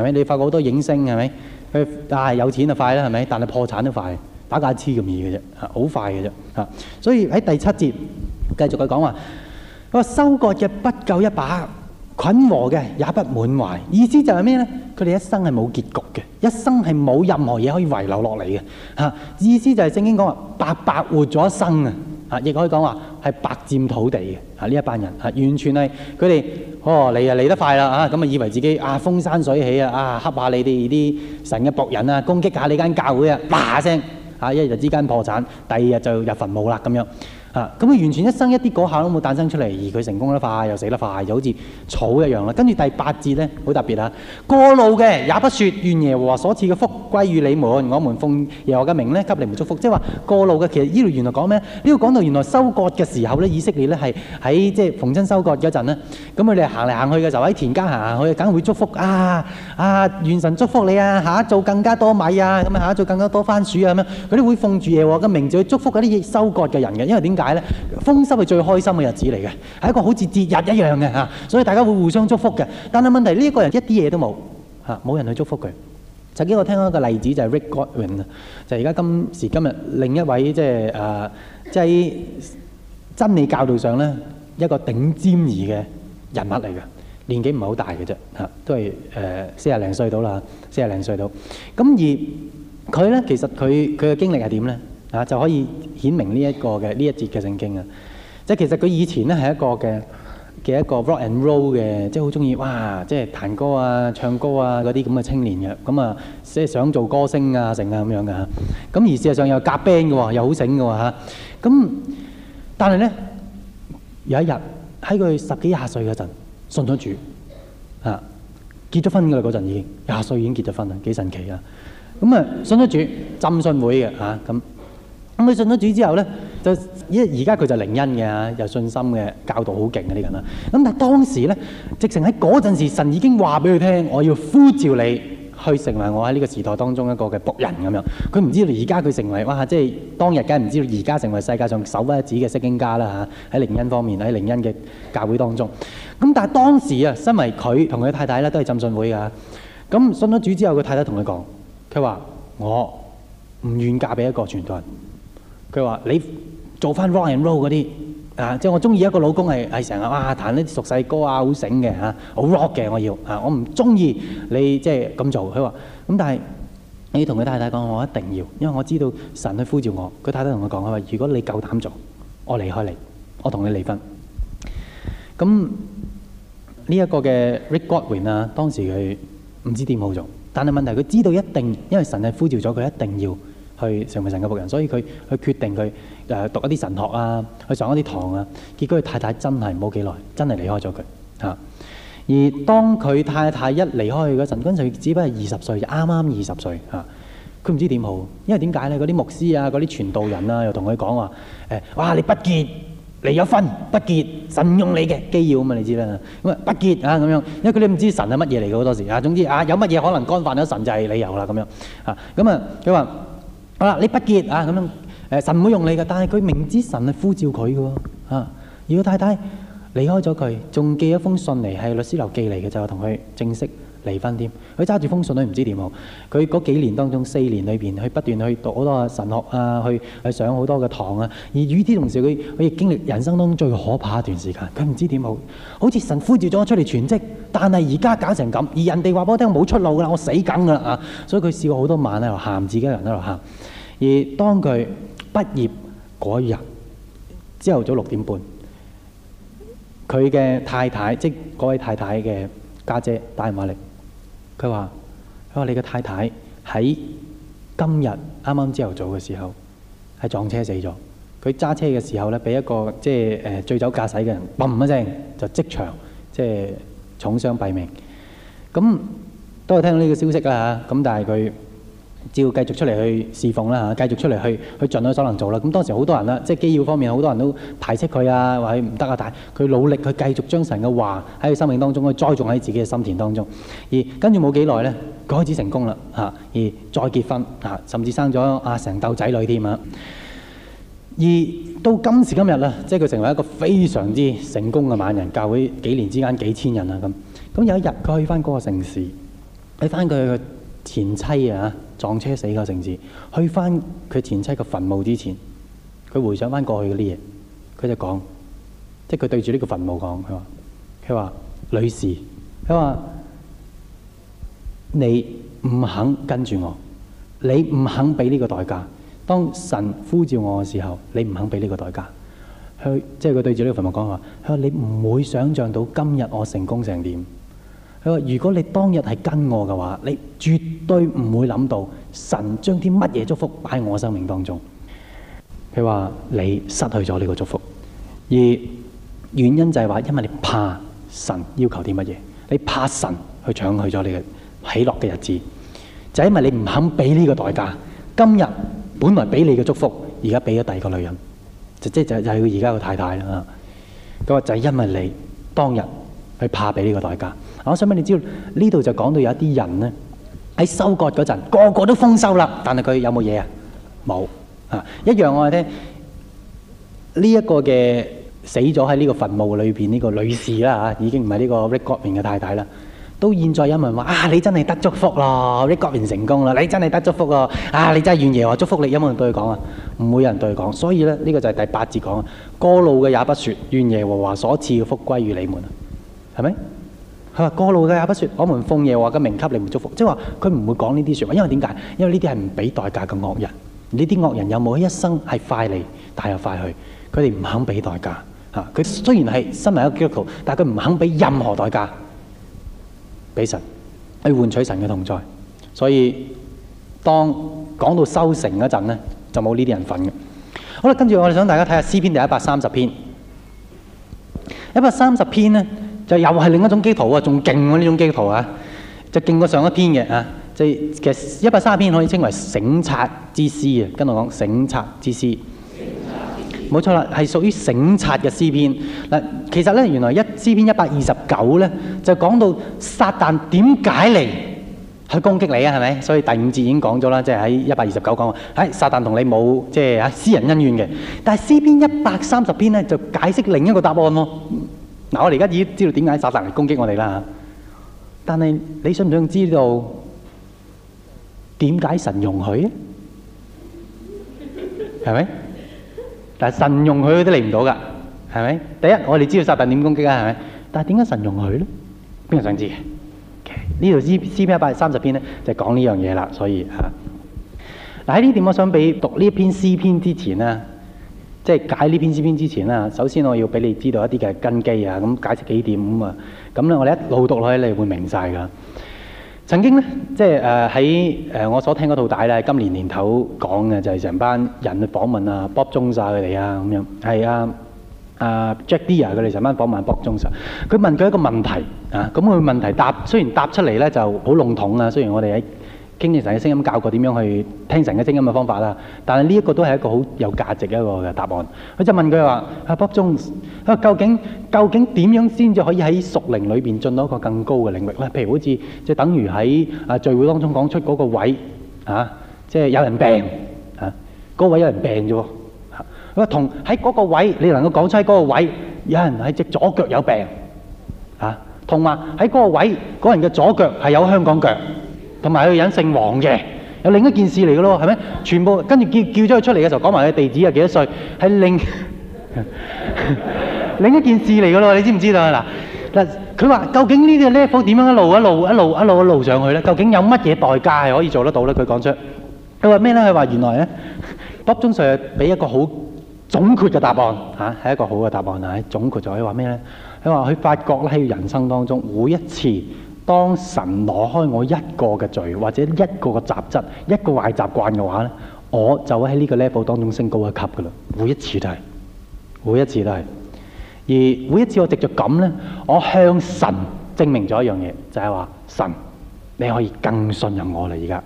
Speaker 1: 係咪？你發覺好多影星係咪？佢但係有錢就快啦，係咪？但係破產都快，打架痴咁易嘅啫，吓，好快嘅啫，吓。所以喺第七節繼續佢講話，「個收割嘅不夠一把，捆禾嘅也不滿懷。意思就係咩咧？佢哋一生係冇結局嘅，一生係冇任何嘢可以遺留落嚟嘅。吓，意思就係聖經講話白白活咗一生啊！啊，亦可以講話。係白佔土地嘅嚇，呢一班人嚇、啊、完全係佢哋哦嚟啊嚟得快啦嚇，咁啊就以為自己啊風生水起啊啊，恰下你哋啲神嘅僕人啊，攻擊下你間教會啊，哇、啊、聲嚇、啊、一日之間破產，第二日就入墳墓啦咁樣。啊！咁佢完全一生一啲果效都冇誕生出嚟，而佢成功得快又死得快，就好似草一樣啦。跟住第八節咧，好特別啊！過路嘅也不説願耶和華所賜嘅福歸於你們，我們奉耶和華嘅名咧給你們祝福。即係話過路嘅其實呢度原來講咩？呢度講到原來收割嘅時候咧，以色列咧係喺即係逢親收割嗰陣咧，咁佢哋行嚟行去嘅時候喺田間行行去，梗會祝福啊啊願神祝福你啊嚇、啊，做更加多米啊咁樣嚇，做更加多番薯啊咁樣，佢哋會奉住耶和華嘅名，就去祝福嗰啲收割嘅人嘅，因為點？解咧，豐收係最開心嘅日子嚟嘅，係一個好似節日一樣嘅嚇，所以大家會互相祝福嘅。但係問題呢一個人一啲嘢都冇嚇，冇人去祝福佢。曾經我聽過一個例子，就係 Rick Godwin 啊，就係而家今時今日另一位即係誒，即係真理教導上咧一個頂尖兒嘅人物嚟嘅，年紀唔係好大嘅啫嚇，都係誒四廿零歲到啦，四廿零歲到。咁而佢咧，其實佢佢嘅經歷係點咧？啊，就可以顯明呢一個嘅呢一節嘅聖經啊！即係其實佢以前咧係一個嘅嘅一個 rock and roll 嘅，即係好中意哇！即係彈歌啊、唱歌啊嗰啲咁嘅青年嘅，咁啊即係想做歌星啊、成啊咁樣嘅嚇。咁而事實上又夾 band 嘅喎，又好醒嘅喎嚇。咁但係咧有一日喺佢十幾廿歲嗰陣信咗主啊，結咗婚嘅啦，嗰陣已經廿歲已經結咗婚啦，幾神奇啊！咁啊信咗主浸信會嘅嚇咁。啊咁佢信咗主之後咧，就一而家佢就靈恩嘅，有信心嘅，教導好勁嘅呢個人啦。咁但係當時咧，直情喺嗰陣時，神已經話俾佢聽，我要呼召你去成為我喺呢個時代當中一個嘅僕人咁樣。佢唔知道而家佢成為哇，即係當日梗係唔知道而家成為世界上首屈一指嘅釋經家啦嚇。喺靈恩方面，喺靈恩嘅教會當中。咁但係當時啊，身為佢同佢太太咧都係浸信會㗎。咁信咗主之後，佢太太同佢講，佢話我唔願意嫁俾一個傳道人。佢話：你做翻 rock and roll 嗰啲啊，即係我中意一個老公係係成日哇彈呢啲熟世歌啊，好醒嘅嚇，好、啊、rock 嘅我要啊，我唔中意你即係咁做。佢話：咁但係你同佢太太講，我一定要，因為我知道神去呼召我。佢太太同我講佢話，如果你夠膽做，我離開你，我同你離婚。咁呢一個嘅 Rick Godwin 啊，當時佢唔知點好做，但係問題佢知道一定，因為神係呼召咗佢一定要。去成為神嘅僕人，所以佢去決定佢誒讀一啲神學啊，去上一啲堂啊。結果佢太太真係冇幾耐，真係離開咗佢嚇。而當佢太太一離開佢嗰陣，跟住只不過二十歲，啱啱二十歲嚇，佢、啊、唔知點好，因為點解咧？嗰啲牧師啊，嗰啲傳道人啊，又同佢講話誒哇！你不結離咗婚不結，神用你嘅基要啊嘛，你知啦咁啊不結啊咁樣，因為佢哋唔知神係乜嘢嚟嘅好多時啊。總之啊，有乜嘢可能干犯咗神就係理由啦咁樣嚇咁啊，佢話。啊好啦，你不結啊咁樣，呃、神唔會用你嘅，但係佢明知神係呼召佢㗎喎，啊！如果太太離開咗佢，仲寄一封信嚟，係律師樓寄嚟嘅，就係同佢正式離婚添。佢揸住封信，佢唔知點好。佢嗰幾年當中，四年裏面，佢不斷去讀好多神學啊，去去上好多嘅堂啊。而與此同時，佢佢亦經歷人生當中最可怕一段時間。佢唔知點好，好似神呼召咗出嚟全職，但係而家搞成咁，而人哋話俾我聽冇出路㗎啦，我死梗㗎啦啊！所以佢試過好多晚喺度喊，自己人都喺度喊。而當佢畢業嗰日，朝頭早六點半，佢嘅太太，即嗰位太太嘅家姐打電話嚟，佢話：佢話你嘅太太喺今日啱啱朝頭早嘅時候，喺撞車死咗。佢揸車嘅時候咧，俾一個即係誒醉酒駕駛嘅人嘣一聲，就即場即係重傷斃命。咁都係聽到呢個消息啦嚇，咁但係佢。只要繼續出嚟去侍奉啦嚇，繼續出嚟去去盡佢所能做啦。咁當時好多人都即係機要方面，好多人都排斥佢啊，話佢唔得啊。但係佢努力去繼續將神嘅話喺佢生命當中去栽種喺自己嘅心田當中。而跟住冇幾耐咧，佢開始成功啦嚇。而再結婚嚇，甚至生咗阿、啊、成竇仔女添啊。而到今時今日啦，即係佢成為一個非常之成功嘅萬人教會，幾年之間幾千人啦咁。咁有一日佢去翻嗰個城市，睇翻佢嘅前妻啊。撞車死個城市，去返佢前妻個墳墓之前，佢回想返過去嗰啲嘢，佢就講，即係佢對住呢個墳墓講，佢話，佢話女士，佢話你唔肯跟住我，你唔肯俾呢個代價。當神呼召我嘅時候，你唔肯俾呢個代價。佢即係佢對住呢個墳墓講話，佢話你唔會想像到今日我成功成點。佢話：如果你當日係跟我嘅話，你絕對唔會諗到神將啲乜嘢祝福擺喺我生命當中。佢話，你失去咗呢個祝福，而原因就係話，因為你怕神要求啲乜嘢，你怕神去搶去咗你嘅喜樂嘅日子，就係因為你唔肯俾呢個代價。今日本來俾你嘅祝福，而家俾咗第二個女人，就即係就係佢而家個太太啦。佢話，就係因為你當日。去怕俾呢個代價，我想問你知道呢度，就講到有一啲人呢，喺收割嗰陣個個都豐收啦，但係佢有冇嘢啊？冇啊！一樣我哋聽呢一、這個嘅死咗喺呢個墳墓裏邊呢個女士啦嚇、啊，已經唔係呢個 Rick Godwin 嘅太太啦，都現在有人話啊，你真係得祝福咯，Rick Godwin 成功啦，你真係得祝福啊！啊，你真係、啊、願耶和華祝福你，有冇人對佢講啊？唔會有人對佢講，所以咧呢、這個就係第八節講啊，過路嘅也不説願耶和華所賜嘅福歸於你們。係咪？佢話過路嘅也不說，我們奉耶和華嘅名級，你唔祝福，即係話佢唔會講呢啲說話。因為點解？因為呢啲係唔俾代價嘅惡人。呢啲惡人有冇一生係快嚟，但係又快去？佢哋唔肯俾代價吓。佢雖然係身為一個基督徒，但係佢唔肯俾任何代價俾神去換取神嘅同在。所以當講到收成嗰陣咧，就冇呢啲人份嘅。好啦，跟住我哋想大家睇下詩篇第一百三十篇，一百三十篇咧。就又係另一種祈禱啊，仲勁喎呢種祈禱啊，就勁過上一篇嘅啊，即係其實一百三十篇可以稱為省察之詩啊，跟我講省察之詩，冇錯啦，係屬於省察嘅詩篇嗱、啊。其實呢，原來一詩篇一百二十九呢，就講到撒旦點解嚟去攻擊你啊，係咪？所以第五節已經講咗啦，即係喺一百二十九講話，喺、哎、撒旦同你冇即係私人恩怨嘅。但係詩篇一百三十篇呢，就解釋另一個答案咯、啊。嗱，我哋而家已經知道點解撒旦嚟攻擊我哋啦嚇，但係你想唔想知道點解神容許咧？係咪？但係神容許都嚟唔到噶，係咪？第一，我哋知道撒旦點攻擊啊，係咪？但係點解神容許咧？邊個想知嘅？呢度《詩詩篇》一百三十篇咧就講呢樣嘢啦，所以嚇。嗱喺呢點，我想俾讀呢一篇詩篇之前咧。即係解呢篇詩篇之前啦，首先我要俾你知道一啲嘅根基啊，咁解釋幾點咁啊，咁咧我哋一路讀落去，你會明曬噶。曾經咧，即係誒喺誒我所聽嗰套帶咧，今年年頭講嘅就係成班人去訪問啊，卜中曬佢哋啊，咁樣。係啊，阿 Jack Deere 佢哋成班訪問卜中曬。佢問佢一個問題啊，咁佢問題答雖然答出嚟咧就好籠統啊，雖然我哋喺。聽神嘅聲音教過點樣去聽神嘅聲音嘅方法啦，但係呢一個都係一個好有價值嘅一個嘅答案。佢就問佢話：啊 Bob Jones，啊究竟究竟點樣先至可以喺屬靈裏邊進到一個更高嘅領域咧？譬如好似即係等於喺啊聚會當中講出嗰個位嚇，即係有人病嚇，嗰個位有人病啫喎嚇。佢話同喺嗰個位，你能夠講出喺嗰個位有人喺隻左腳有病嚇，同埋喺嗰個位嗰人嘅左腳係有香港腳。同埋佢人姓王嘅，有另一件事嚟嘅咯，係咪？全部跟住叫叫咗佢出嚟嘅時候，講埋佢地址啊，幾多歲？係另另一件事嚟嘅咯，你知唔知道啊？嗱嗱，佢話究竟呢啲 level 點樣一路一路一路一路一路上去咧？究竟有乜嘢代價係可以做得到咧？佢講出，佢話咩咧？佢話原來咧，卜中 sir 俾一個好總括嘅答案嚇，係一個好嘅答案啊！總括就係話咩咧？佢話佢發覺咧喺人生當中每一次。當神攞開我一個嘅罪，或者一個嘅雜質，一個壞習慣嘅話呢，我就會喺呢個 level 當中升高一級噶啦。每一次都係，每一次都係。而每一次我直接咁呢，我向神證明咗一樣嘢，就係話神，你可以更信任我喇而家。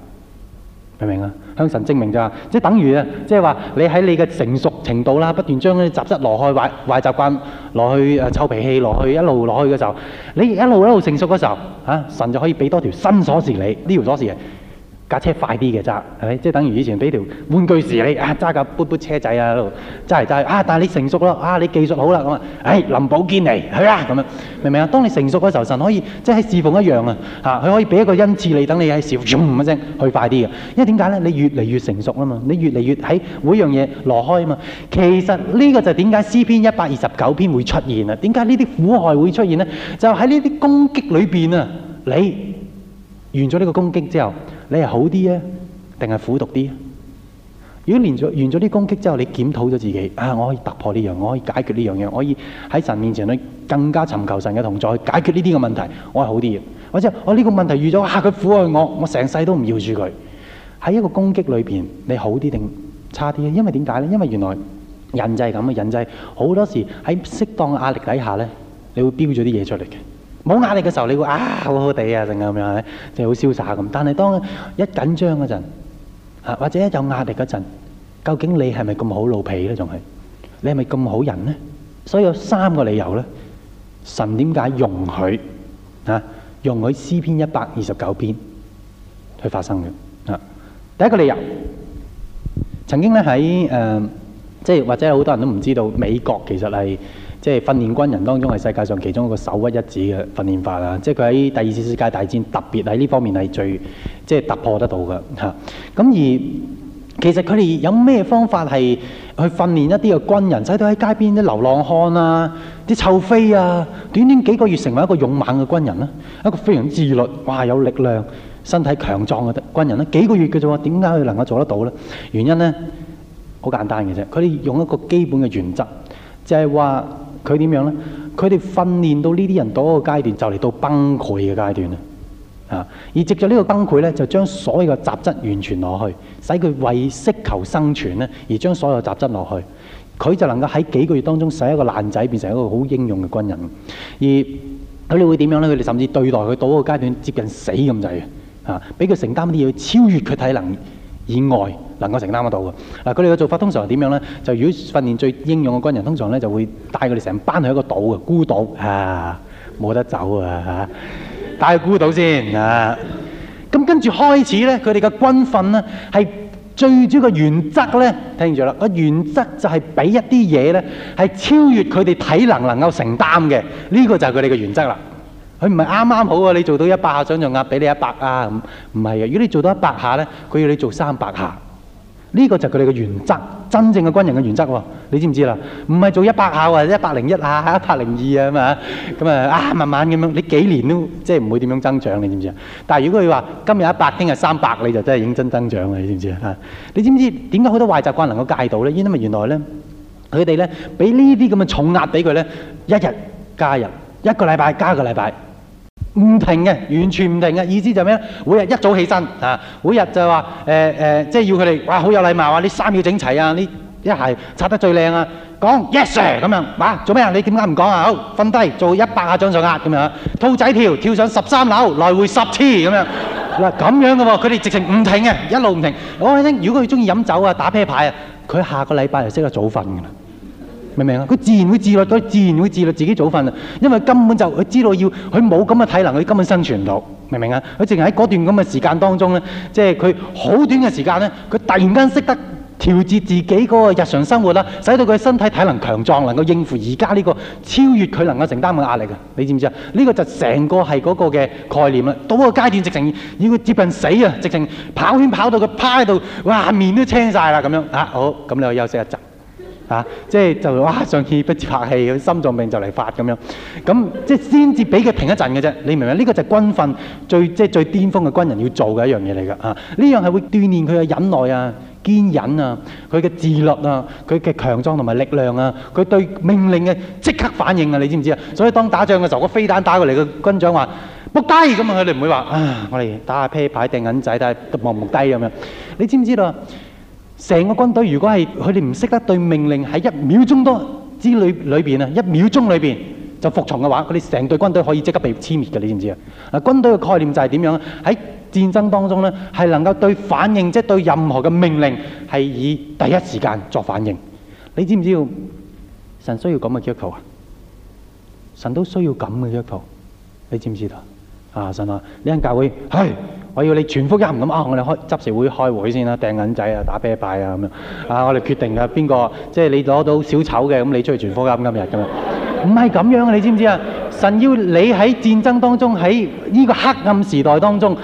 Speaker 1: 明唔明啊？向神證明咋，即係等於啊，即係話你喺你嘅成熟程度啦，不斷將啲雜質攞去，壞壞習慣攞去、呃、臭脾氣，攞去一路攞去嘅時候，你一路一路成熟嘅時候，啊，神就可以俾多條新鎖匙你，呢條鎖匙架車快啲嘅咋，係咪？即係等於以前俾條玩具匙你啊，揸架杯杯車仔啊喺度揸嚟揸去啊！但係你成熟咯，啊你技術好啦咁啊，唉、哎、林寶堅尼去啦、啊、咁樣，明唔明啊？當你成熟嗰時候，神可以即係侍奉一樣啊，嚇佢可以俾一個恩賜你，等你喺侍奉嘅聲去快啲嘅。因為點解咧？你越嚟越成熟啊嘛，你越嚟越喺每樣嘢挪開啊嘛。其實呢個就點解詩篇一百二十九篇會出現啊？點解呢啲苦害會出現咧？就喺呢啲攻擊裏邊啊！你完咗呢個攻擊之後。你係好啲啊，定係苦毒啲啊？如果連咗完咗啲攻擊之後，你檢討咗自己，啊，我可以突破呢樣，我可以解決呢樣嘢，我可以喺神面前去更加尋求神嘅同在，去解決呢啲嘅問題，我係好啲嘅。或者我呢個問題遇咗吓，佢、啊、苦害我，我成世都唔要住佢。喺一個攻擊裏邊，你好啲定差啲？因為點解咧？因為原來人就係咁嘅，人就好多時喺適當壓力底下咧，你會飆咗啲嘢出嚟嘅。冇壓力嘅時候，你會啊好好地啊，成咁樣，即係好瀟灑咁。但係當一緊張嗰陣，啊或者有壓力嗰陣，究竟你係咪咁好老脾咧？仲係你係咪咁好人咧？所以有三個理由咧，神點解容許啊容許詩篇一百二十九篇去發生嘅？啊，第一個理由，曾經咧喺誒，即係或者好多人都唔知道美國其實係。即係訓練軍人當中係世界上其中一個首屈一指嘅訓練法啊！即係佢喺第二次世界大戰特別喺呢方面係最即係突破得到㗎。咁而其實佢哋有咩方法係去訓練一啲嘅軍人，使到喺街邊啲流浪漢啊、啲臭飛啊，短短幾個月成為一個勇猛嘅軍人呢，一個非常自律、哇有力量、身體強壯嘅軍人呢，幾個月嘅咋喎？點解佢能夠做得到呢？原因呢，好簡單嘅啫，佢哋用一個基本嘅原則，就係話。佢點樣呢？佢哋訓練到呢啲人到一個階段，就嚟到崩潰嘅階段啦。啊！而藉著呢個崩潰呢，就將所有嘅雜質完全攞去，使佢為適求生存咧，而將所有的雜質攞去，佢就能夠喺幾個月當中，使一個爛仔變成一個好英勇嘅軍人。而佢哋會點樣呢？佢哋甚至對待佢到一個階段接近死咁滯嘅啊，俾佢承擔啲嘢超越佢體能。以外能夠承擔得到嘅嗱，佢哋嘅做法通常係點樣咧？就如果訓練最英勇嘅軍人，通常咧就會帶佢哋成班去一個島嘅孤島啊，冇得走啊嚇、啊，帶去孤島先啊。咁跟住開始咧，佢哋嘅軍訓咧係最主要嘅原則咧，聽住啦。個原則就係俾一啲嘢咧，係超越佢哋體能能夠承擔嘅，呢、呢個就係佢哋嘅原則啦。佢唔係啱啱好啊！你做到一百下想像額，俾你一百啊！唔唔係嘅，如果你做到一百下咧，佢要你做三百下。呢個就係佢哋嘅原則，真正嘅軍人嘅原則喎。你知唔知啦？唔係做一百下或者一百零一下、一百零二啊咁啊，咁啊啊，慢慢咁樣，你幾年都即係唔會點樣增長，你知唔知啊？但係如果佢話今日一百，聽日三百，你就真係認真增長啦，你知唔知啊？你知唔知點解好多壞習慣能夠戒到咧？因為原來咧，佢哋咧俾呢啲咁嘅重壓俾佢咧，一日加一日，一個禮拜加一個禮拜。唔停嘅，完全唔停嘅，意思就係咩咧？每日一早起身啊，每日就話誒誒，即、呃、係、呃就是、要佢哋哇好有禮貌，你啊，啲衫要整齊啊，啲一鞋擦得最靚啊，講 yes sir，咁樣，啊做咩啊？你點解唔講啊？好，瞓低做一百下掌上壓、啊、咁樣，兔仔跳跳上十三樓來回十次咁樣，嗱咁樣嘅喎，佢哋、 啊、直情唔停嘅，一路唔停。我講你聽，如果佢中意飲酒啊、打啤牌啊，佢下個禮拜就識得早瞓㗎啦。明唔明啊？佢自然會自律，佢自然會自律自己早瞓啊！因為他根本就佢知道要佢冇咁嘅體能，佢根本生存唔到。明唔明啊？佢淨係喺嗰段咁嘅時間當中咧，即係佢好短嘅時間咧，佢突然間識得調節自己嗰個日常生活啦，使到佢身體體能強壯，能夠應付而家呢個超越佢能夠承擔嘅壓力啊！你知唔知啊？呢、呢個就成個係嗰個嘅概念啦。到個階段直情要佢接近死啊！直情跑圈跑到佢趴喺度，哇面都青晒啦咁樣啊！好，咁你休息一陣。嚇、啊！即係就哇！上氣不接拍戲，佢心臟病就嚟發咁樣。咁即係先至俾佢停一陣嘅啫。你明唔明？呢、呢個就係軍訓最即係最巔峰嘅軍人要做嘅一樣嘢嚟㗎啊！呢樣係會鍛鍊佢嘅忍耐啊、堅忍啊、佢嘅自律啊、佢嘅強壯同埋力量啊、佢對命令嘅即刻反應啊！你知唔知啊？所以當打仗嘅時候，個飛彈打過嚟，個軍長話仆低咁啊！佢哋唔會話啊，我哋打下啤牌、掟銀仔、看看能能打望唔低咁樣。你知唔知道？成個軍隊如果係佢哋唔識得對命令喺一秒鐘都之內裏邊啊，一秒鐘裏邊就服從嘅話，佢哋成隊軍隊可以即刻被殲滅嘅，你知唔知啊？啊，軍隊嘅概念就係點樣咧？喺戰爭當中咧，係能夠對反應，即係對任何嘅命令係以第一時間作反應。你知唔知道神需要咁嘅結構啊？神都需要咁嘅結構，你知唔知道啊？神啊，呢間教會係。我要你全福音咁啊！我哋開執事會開會先啦，掟銀仔拜啊，打啤牌啊咁樣啊！我哋決定啊，邊個即係你攞到小丑嘅咁，你出去全福音咁入噶。唔係咁樣嘅，你知唔知啊？神要你喺戰爭當中，喺呢個黑暗時代當中，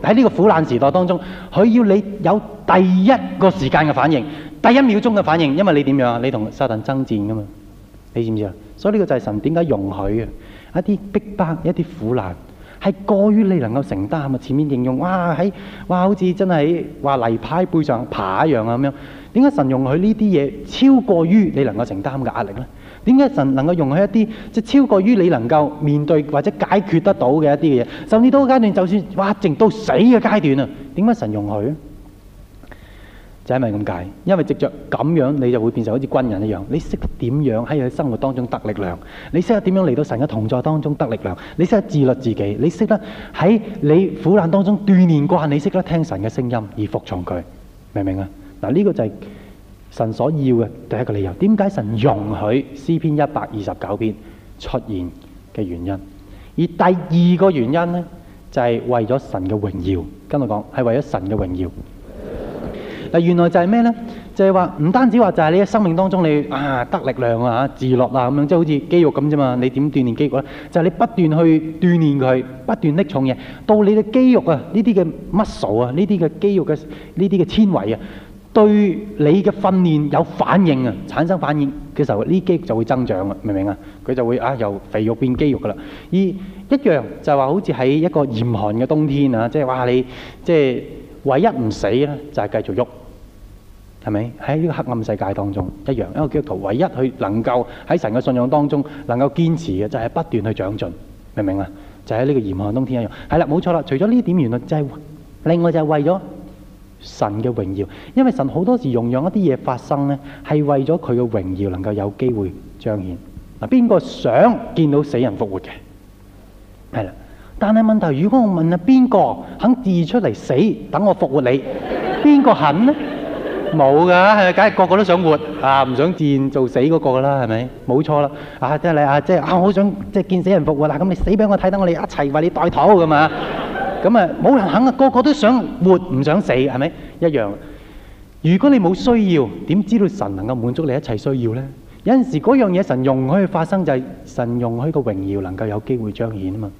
Speaker 1: 喺呢個苦難時代當中，佢要你有第一個時間嘅反應，第一秒鐘嘅反應，因為你點樣啊？你同撒但爭戰噶嘛？你知唔知啊？所以呢個就係神點解容許啊一啲逼迫，一啲苦難。係過於你能夠承擔啊，前面形容哇喺哇好似真係話泥巴背上爬一樣啊咁樣，點解神容許呢啲嘢超過於你能夠承擔嘅壓力咧？點解神能夠容許一啲即係超過於你能夠面對或者解決得到嘅一啲嘢？甚至到個階段，就算哇直到死嘅階段啊，點解神容許？就係咪咁解？因為藉著咁樣，你就會變成好似軍人一樣。你識得點樣喺你生活當中得力量，你識得點樣嚟到神嘅同在當中得力量，你識得自律自己，你識得喺你苦難當中鍛鍊慣，你識得聽神嘅聲音而服從佢，明唔明啊？嗱，呢個就係神所要嘅第一個理由。點解神容許詩篇一百二十九篇出現嘅原因？而第二個原因呢，就係為咗神嘅榮耀。跟我講，係為咗神嘅榮耀。原來就係咩呢？就係話唔單止話就係你喺生命當中你啊得力量啊、自樂啊咁樣，即係好似肌肉咁啫嘛。你點鍛鍊肌肉呢？就係你不斷去鍛鍊佢，不斷拎重嘢，到你嘅肌肉啊，呢啲嘅 muscle 啊，呢啲嘅肌肉嘅呢啲嘅纖維啊，對你嘅訓練有反應啊，產生反應嘅時候，呢肌肉就會增長啊，明唔明啊？佢就會啊由肥肉變肌肉噶啦。而一樣就話好似喺一個嚴寒嘅冬天啊，即係哇你即係唯一唔死咧，就係繼續喐。係咪？喺呢個黑暗世界當中一樣，一個基督徒唯一去能夠喺神嘅信仰當中能夠堅持嘅就係不斷去長進，明唔明啊？就係呢個嚴寒冬天一樣。係啦，冇錯啦。除咗呢點原因，就係另外就係為咗神嘅榮耀，因為神好多時容讓一啲嘢發生呢，係為咗佢嘅榮耀能夠有機會彰顯。嗱，邊個想見到死人復活嘅？係啦，但係問題如果我問啊，邊個肯自出嚟死等我復活你？邊個肯呢？冇噶，係梗係個個都想活啊，唔想賤做死嗰個啦，係咪？冇錯啦，啊，即係你啊，即係啊，好想即係見死人復活啦，咁你死俾我睇，等我哋一齊為你代禱咁嘛，咁啊，冇人肯啊，個個都想活，唔想死，係咪？一樣。如果你冇需要，點知道神能夠滿足你一切需要呢？有陣時嗰樣嘢神容許發生，就係神容許個榮耀能夠有機會彰顯啊嘛。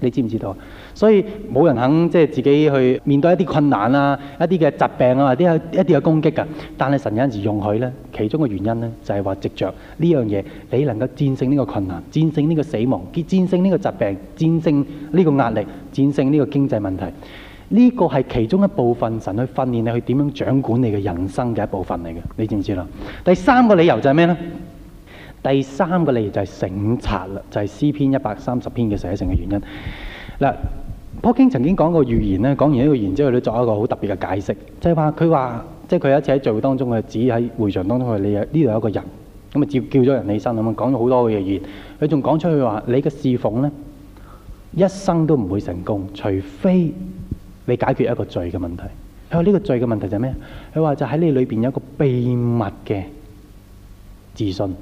Speaker 1: 你知唔知道？所以冇人肯即係自己去面對一啲困難啊、一啲嘅疾病啊、或者一啲嘅攻擊噶。但係神有陣時容許呢，其中嘅原因呢，就係話藉著呢樣嘢，你能夠戰勝呢個困難、戰勝呢個死亡、戰勝呢個疾病、戰勝呢個壓力、戰勝呢個經濟問題。呢個係其中一部分神去訓練你去點樣掌管你嘅人生嘅一部分嚟嘅。你知唔知啦？第三個理由就係咩呢？第三個例就係審察啦，就係、是、詩篇一百三十篇嘅寫成嘅原因。嗱，普京曾經講過預言咧，講完呢個語言之後咧，作一個好特別嘅解釋，就係話佢話，即係佢有一次喺聚會當中，佢指喺會場當中佢你呢度有一個人，咁啊叫叫咗人起身咁啊講咗好多嘅語言，佢仲講出去話你嘅侍奉咧，一生都唔會成功，除非你解決一個罪嘅問題。佢話呢個罪嘅問題就係咩？佢話就喺你裏邊有一個秘密嘅自信。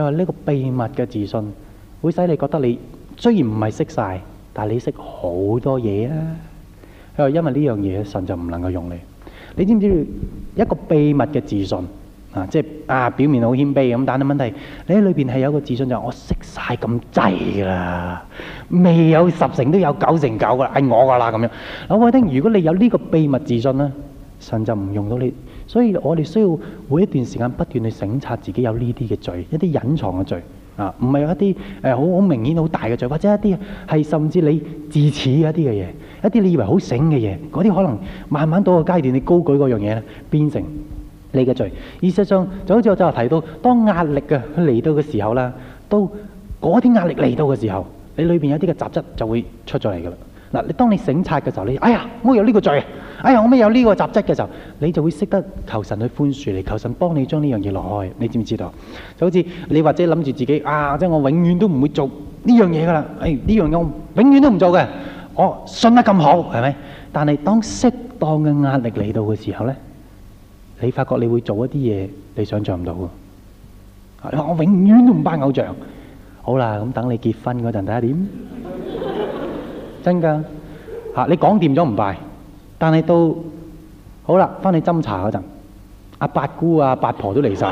Speaker 1: 因為呢個秘密嘅自信，會使你覺得你雖然唔係識晒，但係你識好多嘢啊！佢話，因為呢樣嘢，神就唔能夠用你。你知唔知一個秘密嘅自信啊，即係啊表面好謙卑咁，但係問題你喺裏邊係有一個自信，就我識晒咁滯啦，未有十成都有九成九啦，係我噶啦咁樣。阿威丁，如果你有呢個秘密自信咧，神就唔用到你。所以我哋需要每一段時間不斷去省察自己有呢啲嘅罪，一啲隱藏嘅罪啊，唔係有一啲誒好好明顯好大嘅罪，或者一啲係甚至你自始一啲嘅嘢，一啲你以為好醒嘅嘢，嗰啲可能慢慢到個階段，你高舉嗰樣嘢咧，變成你嘅罪。事實上，就好似我就提到，當壓力嘅嚟到嘅時候啦，都嗰啲壓力嚟到嘅時候，你裏邊有啲嘅雜質就會出咗嚟㗎啦。嗱，你當你醒察嘅時候，你，哎呀，我有呢個罪，哎呀，我咩有呢個雜質嘅時候，你就會識得求神去寬恕你，求神幫你將呢樣嘢攞開。你知唔知道？就好似你或者諗住自己啊，即係我永遠都唔會做呢樣嘢噶啦，誒呢樣嘢我永遠都唔做嘅，我信得咁好，係咪？但係當適當嘅壓力嚟到嘅時候咧，你發覺你會做一啲嘢你想象唔到嘅。我永遠都唔拜偶像。好啦，咁等你結婚嗰陣睇下點。真噶，嚇，你講掂咗唔拜，但係到好啦，翻去斟茶嗰陣，阿八姑啊、八婆都嚟晒，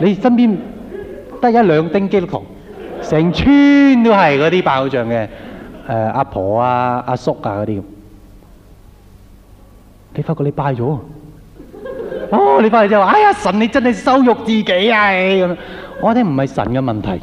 Speaker 1: 你身邊得一兩丁基督徒，成村都係嗰啲爆仗嘅誒阿婆啊、阿叔啊嗰啲咁，你發覺你拜咗，哦，你翻嚟之後，哎呀，神你真係羞辱自己啊，咁，我哋唔係神嘅問題。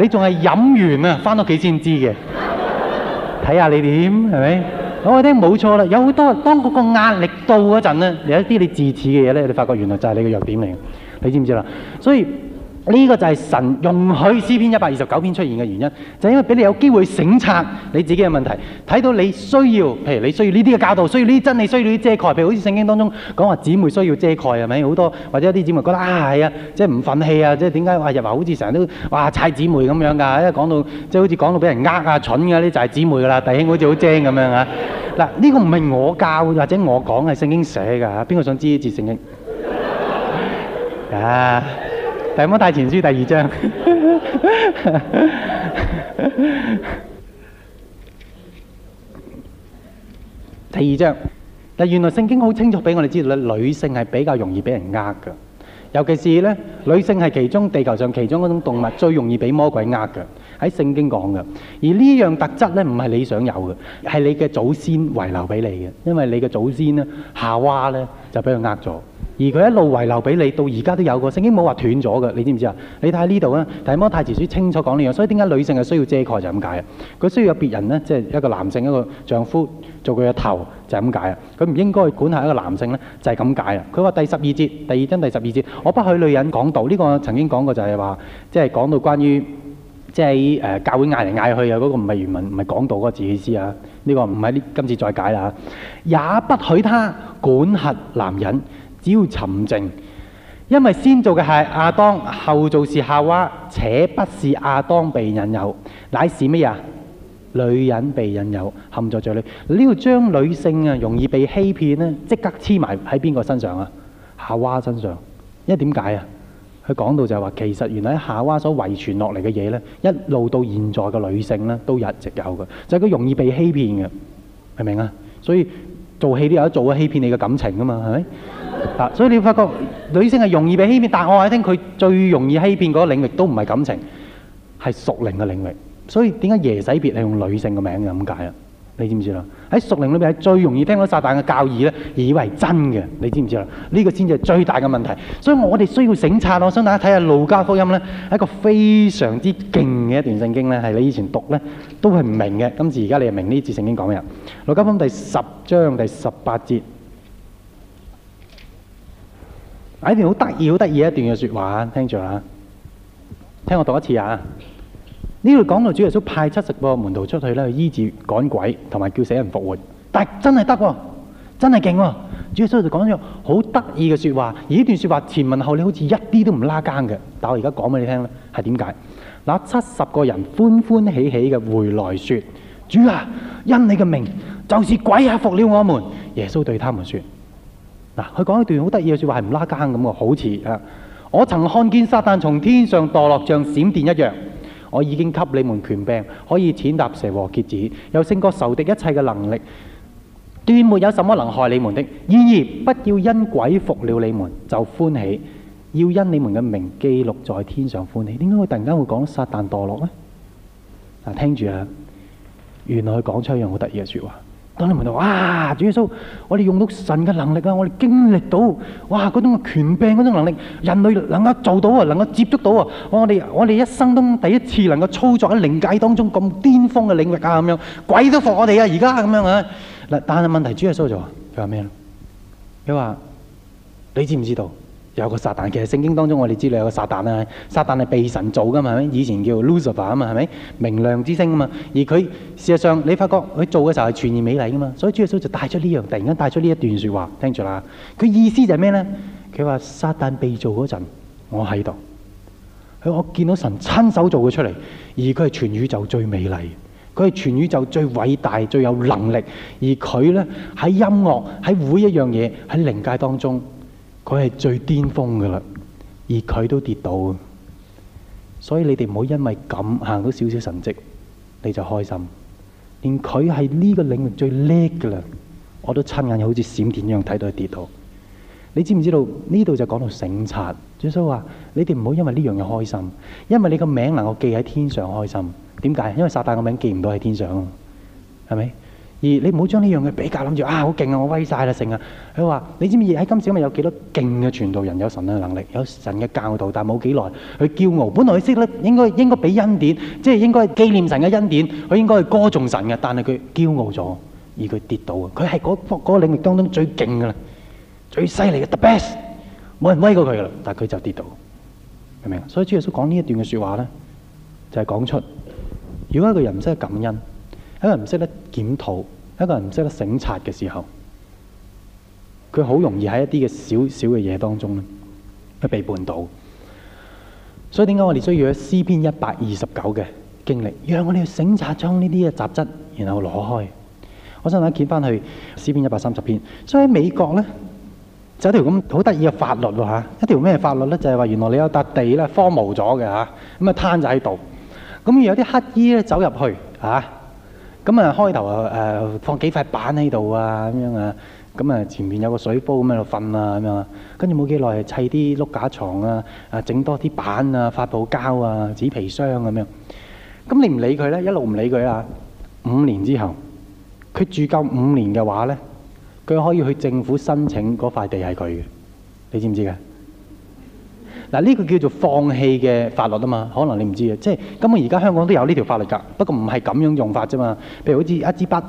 Speaker 1: 你仲係飲完啊，翻到屋企先知嘅，睇下 你點係咪？我話你聽冇錯啦，有好多當嗰個壓力到嗰陣咧，有一啲你自恃嘅嘢咧，你發覺原來就係你嘅弱點嚟嘅，你知唔知啦？所以。呢個就係神容許詩篇一百二十九篇出現嘅原因，就係因為俾你有機會省察你自己嘅問題，睇到你需要，譬如你需要呢啲嘅教導，需要呢啲真理，需要呢啲遮蓋。譬如好似聖經當中講話姊妹需要遮蓋，係咪好多？或者有啲姊妹覺得啊，係啊，即係唔憤氣啊，即係點解哇？入話好似成日都哇踩姊妹咁樣㗎，因為講到即係好似講到俾人呃啊蠢㗎，呢就係姊妹㗎啦，弟兄好似好精咁樣啊。嗱，呢個唔係我教或者我講，係聖經寫㗎嚇。邊個想知一字聖經？啊！《提摩太前書》第二章， 第二章。但原來聖經好清楚俾我哋知道咧，女性係比較容易俾人呃嘅，尤其是咧，女性係其中地球上其中嗰種動物最容易俾魔鬼呃嘅。喺聖經講嘅，而呢樣特質咧唔係你想有嘅，係你嘅祖先遺留俾你嘅，因為你嘅祖先呢，夏娃咧就俾佢呃咗。而佢一路遺留俾你到而家都有，個聖經冇話斷咗嘅，你知唔知啊？你睇下呢度啊，提摩太書清楚講呢樣，所以點解女性係需要遮蓋就係咁解啊？佢需要有別人咧，即係一個男性一個丈夫做佢嘅頭，就係咁解啊。佢唔應該去管轄一個男性咧，就係咁解啊。佢話第十二節，第二章第十二節，我不許女人講道。呢個曾經講過就係話，即係講到關於即係誒教會嗌嚟嗌去呀，嗰個唔係原文唔係講道，嗰個自己知啊。呢個唔係呢今次再解啦。也不許他管轄男人。只要沉靜，因為先做嘅係亞當，後做是夏娃，且不是亞當被引誘，乃是咩呀？女人被引誘，陷在罪裏。你要將女性啊，容易被欺騙呢，即刻黐埋喺邊個身上啊？夏娃身上，因為點解啊？佢講到就係話，其實原來喺夏娃所遺傳落嚟嘅嘢呢，一路到現在嘅女性呢，都一直有嘅，就係佢容易被欺騙嘅，明唔明啊？所以做戲都有得做啊，欺騙你嘅感情啊嘛，係咪？啊、所以你發覺女性係容易被欺騙，但我話你聽，佢最容易欺騙嗰個領域都唔係感情，係屬靈嘅領域。所以點解耶洗別係用女性嘅名咁解啊？你知唔知啦？喺屬靈裏面，係最容易聽到撒旦嘅教義呢，以為真嘅，你知唔知啦？呢個先至係最大嘅問題。所以我哋需要醒察。我想大家睇下路加福音呢，係一個非常之勁嘅一段聖經呢，係你以前讀呢，都係唔明嘅。今次而家你明呢節聖經講咩嘢？路加福音第十章第十八節。唉，這段很很一段好得意、好得意一段嘅說話，聽住啊！聽我讀一次啊！呢度講到主耶穌派七十個門徒出去啦，去醫治趕鬼同埋叫死人復活，但真係得喎，真係勁喎！主耶穌就講咗好得意嘅説話，而呢段説話前文後呢好似一啲都唔拉更嘅，但我而家講俾你聽咧係點解？嗱，七十個人歡歡喜喜嘅回來説：主啊，因你嘅名，就是鬼也服了我們。耶穌對他們説。嗱，佢講一段好得意嘅説話，係唔拉更咁嘅，好似啊，我曾看見撒旦從天上墮落，像閃電一樣。我已經給你們權柄，可以踐踏蛇和蝎子，有勝過仇敵一切嘅能力。斷沒有什麼能害你們的。然而不要因鬼服了你們就歡喜，要因你們嘅名記錄在天上歡喜。點解佢突然間會講撒旦墮落呢？嗱，聽住啊，原來佢講出一樣好得意嘅説話。當你問到，哇！主耶穌,我哋用到神嘅能力啊！我哋經歷到，哇！嗰種嘅權柄，嗰種能力，人類能夠做到啊，能夠接觸到啊！我哋我哋一生都第一次能夠操作喺靈界當中咁巔峰嘅領域啊！咁樣，鬼都服我哋啊！而家咁樣啊！嗱，但係問題，主耶穌就話，佢話咩咧？佢話你知唔知道？有個撒旦，其實聖經當中我哋知道有個撒旦啊，撒旦係被神造噶嘛，係咪？以前叫 Lucifer 啊，嘛係咪？明亮之星啊，嘛。而佢事實上你發覺佢做嘅時候係全然美麗噶嘛，所以主耶穌就帶出呢樣，突然間帶出呢一段說話，聽住啦。佢意思就係咩呢？佢話撒旦被造嗰陣，我喺度，我見到神親手做佢出嚟，而佢係全宇宙最美麗，佢係全宇宙最偉大、最有能力，而佢呢，喺音樂、喺每一樣嘢、喺靈界當中。佢係最巔峰噶啦，而佢都跌到，所以你哋唔好因為咁行到少少神蹟，你就開心。連佢係呢個領域最叻噶啦，我都親眼好似閃電一樣睇到佢跌到。你知唔知道呢度就講到省察？耶穌話：你哋唔好因為呢樣嘢開心，因為你個名能夠記喺天上開心。點解？因為撒旦個名記唔到喺天上，係咪？而你唔好將呢樣嘅比較，諗住啊好勁啊，我威晒啦，成啊！佢話：你知唔知喺今時今日有幾多勁嘅傳道人有神嘅能力，有神嘅教導，但係冇幾耐佢驕傲。本來佢識得應該應該俾恩典，即係應該係紀念神嘅恩典，佢應該係歌頌神嘅，但係佢驕傲咗，而佢跌倒啊！佢係嗰嗰個領域當中最勁噶啦，最犀利嘅 the best，冇人威過佢噶啦，但係佢就跌倒，明唔明啊？所以主耶穌講呢一段嘅説話咧，就係講出如果一個人唔識感恩。一個人唔識得檢討，一個人唔識得省察嘅時候，佢好容易喺一啲嘅小小嘅嘢當中咧，佢被絆倒。所以點解我哋需要喺《詩篇》一百二十九嘅經歷，讓我哋去省察將呢啲嘅雜質，然後攞開。我想睇見翻去《詩篇》一百三十篇。所以喺美國咧，就有一條咁好得意嘅法律喎，一條咩法律咧？就係、是、話原來你有笪地咧荒蕪咗嘅嚇，咁啊攤咗喺度。咁而有啲乞衣咧走入去嚇。咁啊，開頭誒放幾塊板喺度啊，咁樣啊，咁啊前面有個水煲咁喺度瞓啊，咁樣。跟住冇幾耐砌啲碌架床啊，啊整多啲板啊、發泡膠啊、紙皮箱咁樣。咁你唔理佢咧，一路唔理佢啊。五年之後，佢住夠五年嘅話咧，佢可以去政府申請嗰塊地係佢嘅。你知唔知嘅？嗱，呢個叫做放棄嘅法律啊嘛，可能你唔知啊，即係根本而家香港都有呢條法律㗎，不過唔係咁樣用法啫嘛。譬如好似一支筆，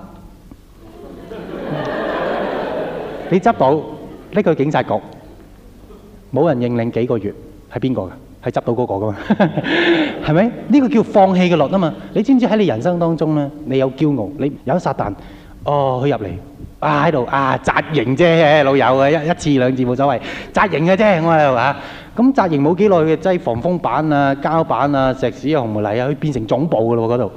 Speaker 1: 你執到拎去警察局，冇人認領幾個月，係邊個㗎？係執到嗰個㗎嘛？係咪？呢個叫放棄嘅律啊嘛？你知唔知喺你人生當中咧，你有驕傲，你有撒旦，哦，佢入嚟啊喺度啊，扎營啫老友啊，一一次兩次冇所謂，扎營嘅啫我喺度啊。咁紮營冇幾耐嘅，即係防風板啊、膠板啊、石屎啊、紅木泥啊，佢變成總部噶咯嗰度，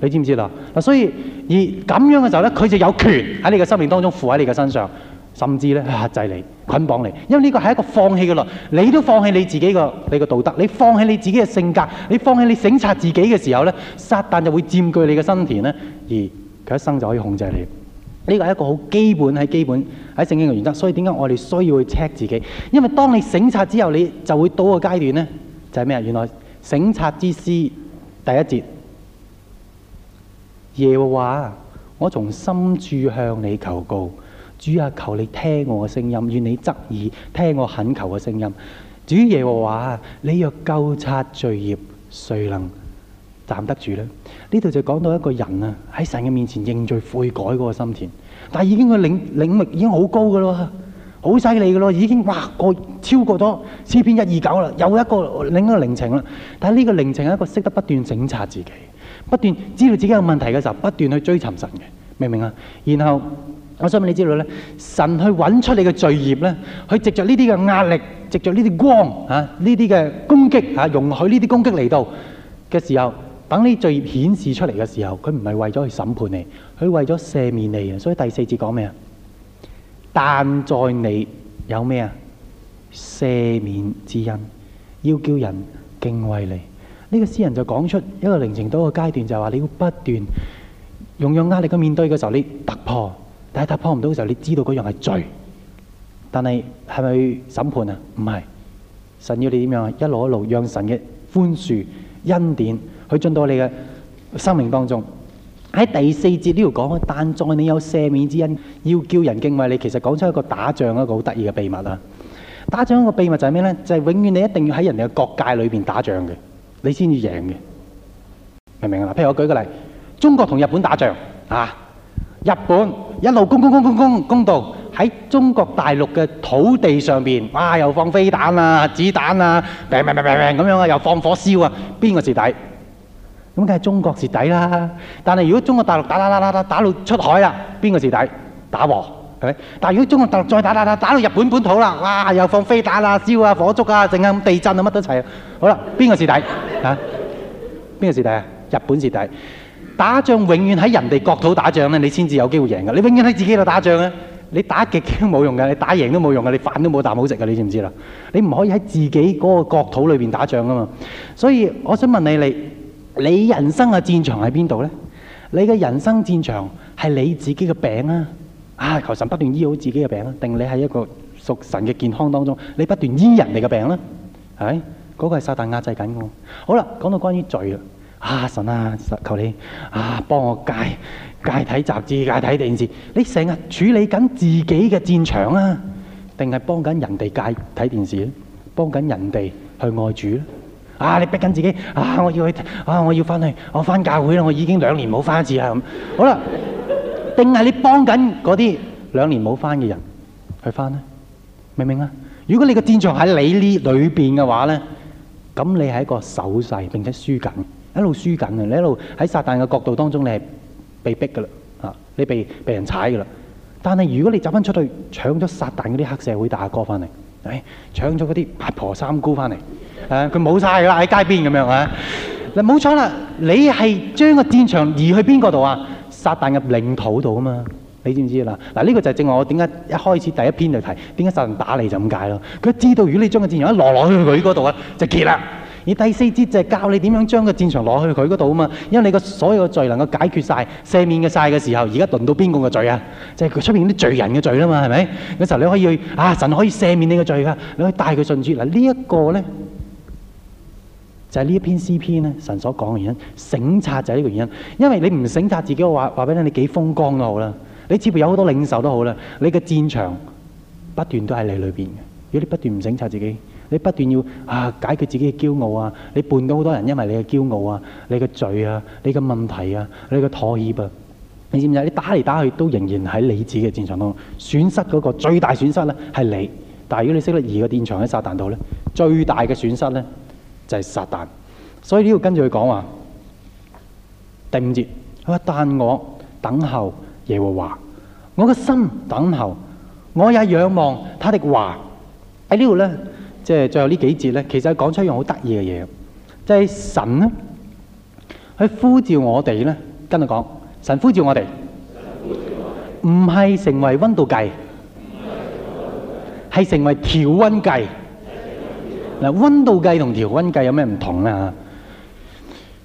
Speaker 1: 你知唔知啦？嗱，所以而咁樣嘅時候咧，佢就有權喺你嘅生命當中附喺你嘅身上，甚至咧去壓制你、捆綁你。因為呢個係一個放棄嘅咯，你都放棄你自己嘅你嘅道德，你放棄你自己嘅性格，你放棄你省察自己嘅時候咧，撒旦就會佔據你嘅身田咧，而佢一生就可以控制你。呢個係一個好基本，係基本，係聖經嘅原則，所以點解我哋需要去 check 自己？因為當你省察之後，你就會到個階段呢，就係咩啊？原來省察之師第一節，耶和華，我從深處向你求告，主啊，求你聽我嘅聲音，願你側耳，聽我懇求嘅聲音，主耶和華啊，你若究察罪孽，誰能站得住呢？呢度就講到一個人啊，喺神嘅面前認罪悔改嗰個心田，但係已經佢領領悟已經好高噶咯，好犀利噶咯，已經哇過超過咗詩篇一二九啦，有一個另一個靈情啦。但係呢個靈情係一個識得不斷省察自己，不斷知道自己有問題嘅時候，不斷去追尋神嘅，明唔明啊？然後我想問你知道咧，神去揾出你嘅罪孽咧，去藉著呢啲嘅壓力，藉著呢啲光啊，呢啲嘅攻擊啊，容許呢啲攻擊嚟到嘅時候。等你罪顯示出嚟嘅時候，佢唔係為咗去審判你，佢為咗赦免你啊！所以第四節講咩啊？但在你有咩啊？赦免之恩，要叫人敬畏你。呢、這個詩人就講出一個靈程多個階段，就話、是、你要不斷用用壓力去面對嘅時候，你突破；但係突破唔到嘅時候，你知道嗰樣係罪。但係係咪審判啊？唔係，神要你點樣啊？一路一路，讓神嘅寬恕恩典。佢進到你嘅生命當中，喺第四節呢度講，但在你有赦免之恩，要叫人敬畏你。其實講出一個打仗一個好得意嘅秘密啦！打仗一個秘密就係咩呢？就係永遠你一定要喺人哋嘅國界裏邊打仗嘅，你先至贏嘅，明唔明啊？譬如我舉個例，中國同日本打仗啊，日本一路攻攻攻攻攻攻到喺中國大陸嘅土地上邊，哇！又放飛彈啊、子彈啊、砰砰砰砰砰、咁樣啊，又放火燒啊，邊個蝕底？咁梗係中國蝕底啦！但係如果中國大陸打打打打打打到出海啦，邊個蝕底？打和係咪？但係如果中國大陸再打打打打到日本本土啦，哇！又放飛彈啦、燒啊、火燭啊，整下地震啊，乜都齊。好啦，邊個蝕底啊？邊個蝕底啊？日本蝕底。打仗永遠喺人哋國土打仗咧，你先至有機會贏嘅。你永遠喺自己度打仗嘅，你打極都冇用嘅，你打贏都冇用嘅，你飯都冇啖好食嘅，你知唔知啦？你唔可以喺自己嗰個國土裏邊打仗啊嘛。所以我想問你，你？你人生嘅戰場喺邊度呢？你嘅人生戰場係你自己嘅病啊！啊，求神不斷醫好自己嘅病啊！定你喺一個屬神嘅健康當中，你不斷醫人哋嘅病咧、啊？係咪？嗰、嗰個係撒旦壓制緊嘅。好啦，講到關於罪啊！啊，神啊，求你啊，幫我戒戒睇雜誌、戒睇電視。你成日處理緊自己嘅戰場啊，定係幫緊人哋戒睇電視咧？幫緊人哋去愛主咧？啊！你逼緊自己啊！我要去啊！我要翻去，我翻教會啦！我已經兩年冇翻一次啦咁。 好啦，定係你幫緊嗰啲兩年冇翻嘅人去翻呢？明唔明啊？如果你個戰場喺你呢裏邊嘅話咧，咁你係一個守勢並且輸緊，一路輸緊啊。你一路喺撒旦嘅角度當中，你係被逼嘅啦啊！你被被人踩嘅啦。但係如果你走翻出去搶咗撒旦嗰啲黑社會大哥翻嚟，誒、哎，搶咗嗰啲阿婆三姑翻嚟。誒，佢冇曬啦，喺街邊咁樣啊！嗱，冇錯啦，你係將個戰場移去邊個度啊？撒旦嘅領土度啊嘛，你知唔知啦？嗱、啊，呢、這個就係正話我點解一開始第一篇就提點解撒但打你就咁解咯？佢知道如果你將個戰場一攞攞去佢嗰度啊，就結啦！而第四節就係教你點樣將個戰場攞去佢嗰度啊嘛，因為你個所有嘅罪能夠解決晒，赦免嘅晒嘅時候，而家輪到邊個嘅罪啊？就係佢出面啲罪人嘅罪啊嘛，係咪？有時候你可以去啊，神可以赦免你嘅罪㗎、啊，你可以帶佢順住。嗱、啊，這個、呢一個咧。就係呢一篇詩篇咧，神所講嘅原因，省察就係呢個原因。因為你唔省察自己嘅話，話俾你聽，你幾風光都好啦。你似乎有好多領袖都好啦，你嘅戰場不斷都喺你裏邊嘅。如果你不斷唔省察自己，你不斷要啊解決自己嘅驕傲啊，你伴到好多人因為你嘅驕傲啊、你嘅罪啊、你嘅問題啊、你嘅妥協啊，你知唔知？你打嚟打去都仍然喺你自己嘅戰場度，損失嗰個最大損失咧係你。但係如果你識得移個戰場喺撒旦度咧，最大嘅損失咧。就係撒旦，所以呢度跟住佢講話第五節，佢話，但我等候耶和華，我嘅心等候，我也仰望他的話。喺呢度呢，即係最後呢幾節呢，其實佢講出一樣好得意嘅嘢，即係神呢，佢呼召我哋呢，跟住講神呼召我哋，唔係成為温度計，係成為調温計。嗱，温度計同調温計有咩唔同咧？嚇，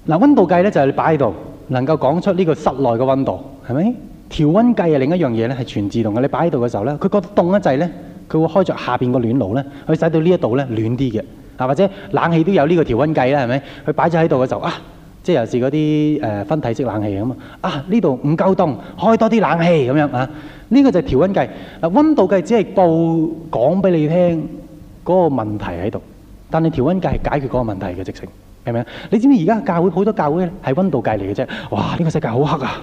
Speaker 1: 嗱，温度計咧就係你擺喺度，能夠講出呢個室內嘅温度，係咪？調温計係另一樣嘢咧，係全自動嘅。你擺喺度嘅時候咧，佢覺得凍一滯咧，佢會開着下邊個暖爐咧，去使到呢一度咧暖啲嘅。啊，或者冷氣都有呢個調温計啦，係咪？佢擺咗喺度嘅時候啊，即係又是嗰啲誒分體式冷氣啊嘛。啊，呢度唔夠凍，開多啲冷氣咁樣啊。呢個就係調温計。嗱，温度計只係報講俾你聽嗰個問題喺度，但係調温計係解決嗰個問題嘅，直情係咪？你知唔知而家教會好多教會係温度計嚟嘅啫？哇！呢個世界好黑啊！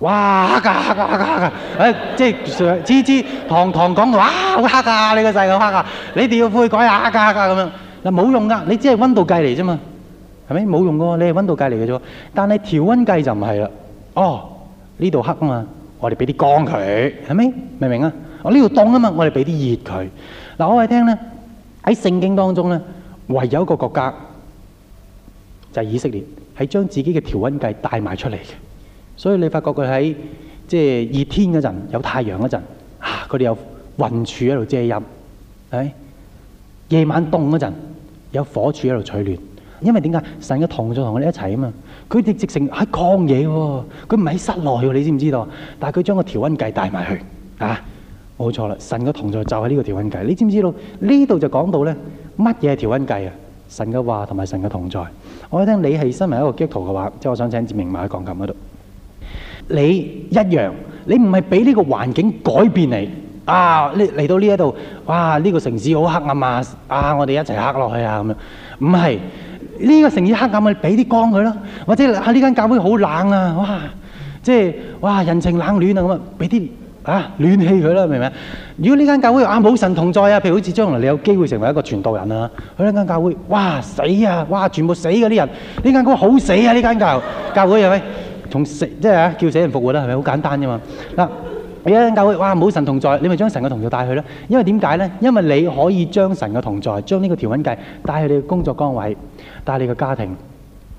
Speaker 1: 哇！黑噶黑噶黑噶！誒，即係之之堂堂講哇好黑噶，你個世界好黑啊，你哋要悔改啊！黑噶黑噶咁樣，嗱，冇用噶，你只係温度計嚟啫嘛，係咪？冇用嘅喎，你係温度計嚟嘅啫。但係調温計就唔係啦。哦，呢度黑啊嘛，我哋俾啲光佢，係咪？明唔明啊？我呢度凍啊嘛，我哋俾啲熱佢。嗱，我哋聽咧喺聖經當中咧。唯有一個國家就係、是、以色列，係將自己嘅調温計帶埋出嚟嘅。所以你發覺佢喺即係熱天嗰陣有太陽嗰陣，佢、啊、哋有雲柱喺度遮陰，係夜晚凍嗰陣有火柱喺度取暖。因為點解神嘅同在同佢哋一齊啊嘛？佢哋直成喺曠野喎、啊，佢唔喺室內喎、啊，你知唔知道？但係佢將個調温計帶埋去，嚇、啊。冇錯啦，神嘅同在就係呢個調温計。你知唔知道呢度就講到咧乜嘢係調温計啊？神嘅話同埋神嘅同在。我一聽你係身為一個基督徒嘅話，即係我想請志明埋喺鋼琴嗰度。你一樣，你唔係俾呢個環境改變你啊？你嚟到呢一度，哇！呢個城市好黑暗啊！啊，我哋一齊黑落去啊咁樣。唔係呢個城市黑暗，咪俾啲光佢咯。或者喺呢間教會好冷啊，哇！即係哇人情冷暖啊咁啊，俾啲。啊！暖氣佢啦，明唔明啊？如果呢間教會話啊，冇神同在啊，譬如好似將來你有機會成為一個傳道人啊，嗰兩間教會話，哇死啊！哇全部死嗰啲人，呢間工好死啊！呢間教 教會係咪？同死即係啊，叫死人復活啦，係咪好簡單啫嘛？嗱，另一間教會話，哇冇神同在，你咪將神嘅同在帶去啦。因為點解咧？因為你可以將神嘅同在，將呢個調温計帶去你嘅工作崗位，帶你嘅家庭，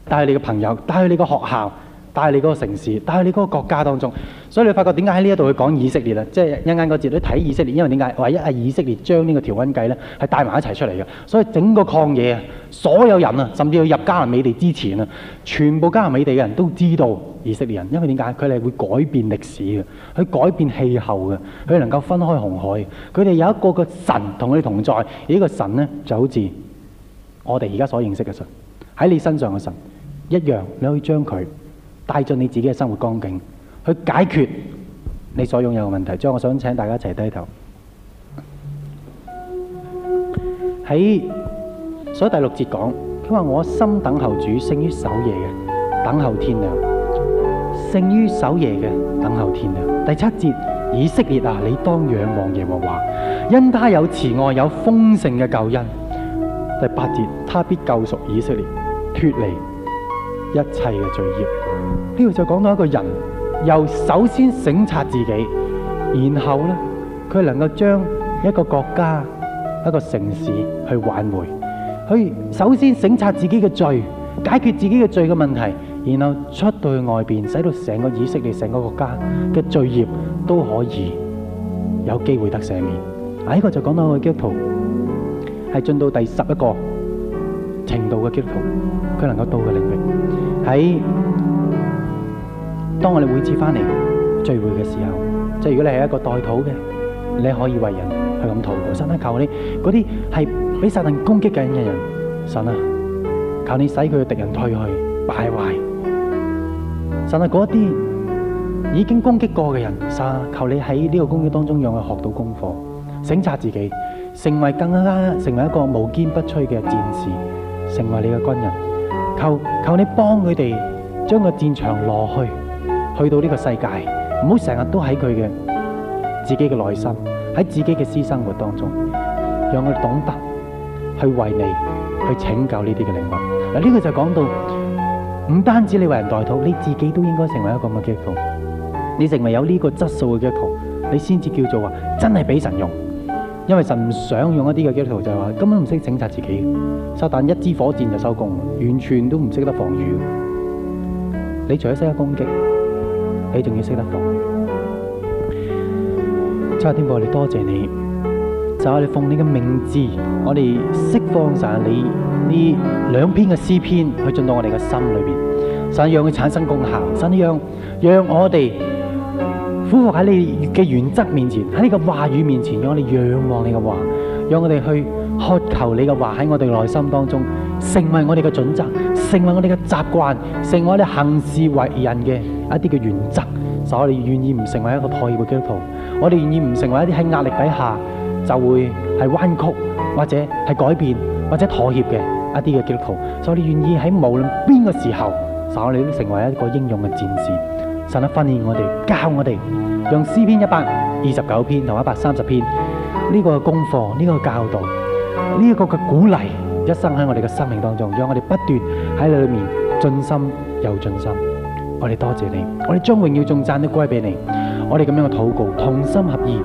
Speaker 1: 帶去你嘅朋友，帶去你嘅學校。帶你嗰個城市，帶你嗰個國家當中，所以你發覺點解喺呢一度去講以色列啦？即係一間嗰字都睇以色列，因為點解？唯一係以色列將呢個調温計咧，係帶埋一齊出嚟嘅。所以整個曠野，所有人啊，甚至要入迦南美地之前啊，全部迦南美地嘅人都知道以色列人，因為點解？佢哋會改變歷史嘅，去改變氣候嘅，佢能夠分開紅海。佢哋有一個嘅神同佢哋同在，而呢個神呢就好似我哋而家所認識嘅神，喺你身上嘅神一樣，你可以將佢，帶進你自己嘅生活光景，去解決你所擁有嘅問題。最後我想請大家一齊低頭。喺所以第六節講，佢話我心等候主，勝於守夜嘅等候天亮，勝於守夜嘅等候天亮。第七節，以色列啊，你當仰望耶和華，因他有慈愛，有豐盛嘅救恩。第八節，他必救贖以色列，脫離一切嘅罪孽。呢度就講到一個人，由首先省察自己，然後呢佢能夠將一個國家、一個城市去挽回，去首先省察自己嘅罪，解決自己嘅罪嘅問題，然後出到去外邊，使到成個以色列、成個國家嘅罪業都可以有機會得赦免。呢個就講到個基督徒，係進到第十一個程度嘅基督徒，佢能夠到嘅領域喺。當我哋每次翻嚟聚會嘅時候，即係如果你係一個代禱嘅，你可以為人去咁禱告。神啊，求你嗰啲嗰啲係俾殺人攻擊緊嘅人，神啊，求你使佢嘅敵人退去敗壞。神啊，嗰啲已經攻擊過嘅人，神啊，求你喺呢個攻擊當中讓佢學到功課，省察自己，成為更加成為一個無堅不摧嘅戰士，成為你嘅軍人。求求你幫佢哋將個戰場落去。去到呢個世界，唔好成日都喺佢嘅自己嘅內心，喺自己嘅私生活當中，讓佢懂得去為你去拯救呢啲嘅靈魂。嗱，呢個就講到唔單止你為人代禱，你自己都應該成為一個基督徒，你成為有呢個質素嘅基督徒，你先至叫做話真係俾神用，因為神唔想用一啲嘅基督徒就係話根本唔識整察自己，收彈一支火箭就收工，完全都唔識得防禦，你除咗識得攻擊。你仲要識得奉，差天父，我哋多謝你，就我哋奉你嘅名字，我哋釋放晒你呢兩篇嘅詩篇，去進到我哋嘅心裏邊，想讓佢產生功效，想讓讓我哋俯伏喺你嘅原則面前，喺呢個話語面前，讓我哋仰望你嘅話，讓我哋去渴求你嘅話喺我哋內心當中，成為我哋嘅準則，成為我哋嘅習慣，成為我哋行事為人嘅。一啲嘅原則，所以我哋願意唔成為一個妥協嘅基督徒，我哋願意唔成為一啲喺壓力底下就會係彎曲，或者係改變，或者妥協嘅一啲嘅基督徒。所以我哋願意喺無論邊個時候，所以我哋都成為一個英勇嘅戰士。神得訓練我哋，教我哋，用詩篇一百二十九篇同一百三十篇呢個功課、呢個教導、呢一個嘅鼓勵，一生喺我哋嘅生命當中，讓我哋不斷喺裏面進心又進心。我哋多謝你，我哋將榮耀仲讚都歸俾你。我哋咁樣嘅禱告，同心合意，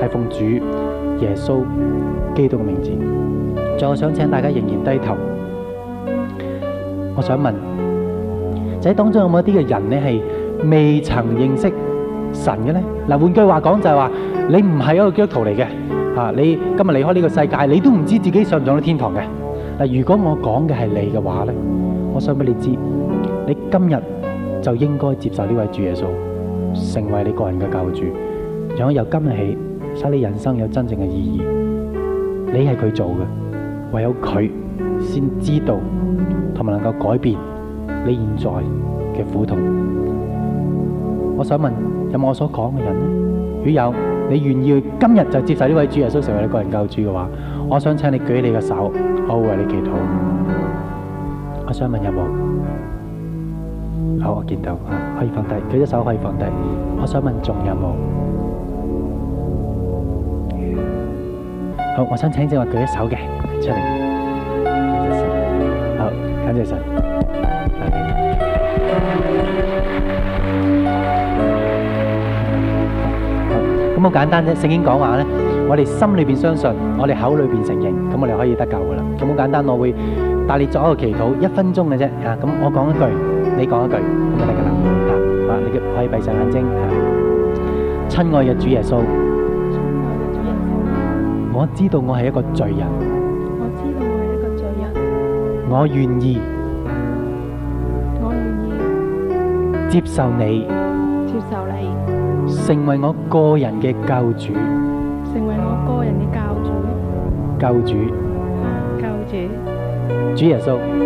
Speaker 1: 係奉主耶穌基督嘅名字。最後想請大家仍然低頭。我想問，仔、就是、當中有冇一啲嘅人呢？係未曾認識神嘅咧？嗱，換句話講就係話，你唔係一個基督徒嚟嘅，啊，你今日離開呢個世界，你都唔知自己上唔上到天堂嘅。嗱，如果我講嘅係你嘅話咧，我想俾你知，你今日。就應該接受呢位主耶穌，成為你個人嘅救主，讓佢由今日起使你人生有真正嘅意義。你係佢做嘅，唯有佢先知道同埋能夠改變你現在嘅苦痛。我想問，有冇我所講嘅人呢？如果你有，你願意今日就接受呢位主耶穌成為你個人救主嘅話，我想請你舉你嘅手，我會為你祈禱。我想問有冇？我見到啊，可以放低，舉隻手可以放低。我想問，仲有冇？好，我想請正話舉隻手嘅出嚟。好，感謝神。咁好簡單啫，聖經講話咧，我哋心裏邊相信，我哋口裏邊承認，咁我哋可以得救噶啦。咁好簡單，我會帶你作一個祈禱，一分鐘嘅啫。啊，咁我講一句。你講一句咁樣得噶啦，吓，好，你叫可以閉上眼睛。親愛嘅主耶穌，我知道我係一個罪人，我知道我係一個罪人，我願意，我願意，接受你，接受你，成為我個人嘅救主，成為我個人嘅救主，救主，救主，主耶穌。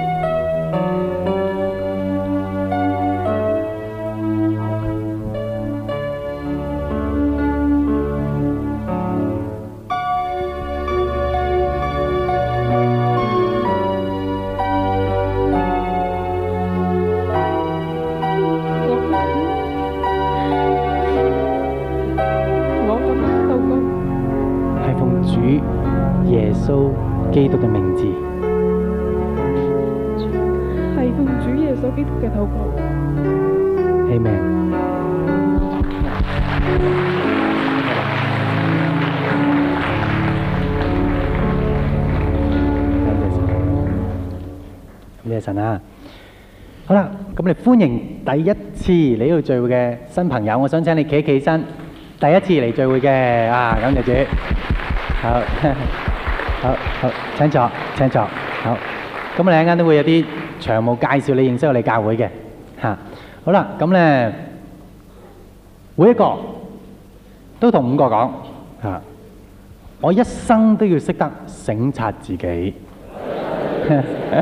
Speaker 1: 歡迎第一次嚟到聚會嘅新朋友，我想請你企起起身。第一次嚟聚會嘅啊，感謝主好，好好請坐請坐。好，咁你一間都會有啲長務介紹你認識我哋教會嘅嚇、啊。好啦，咁咧每一個都同五個講嚇、啊，我一生都要識得省察自己。啊、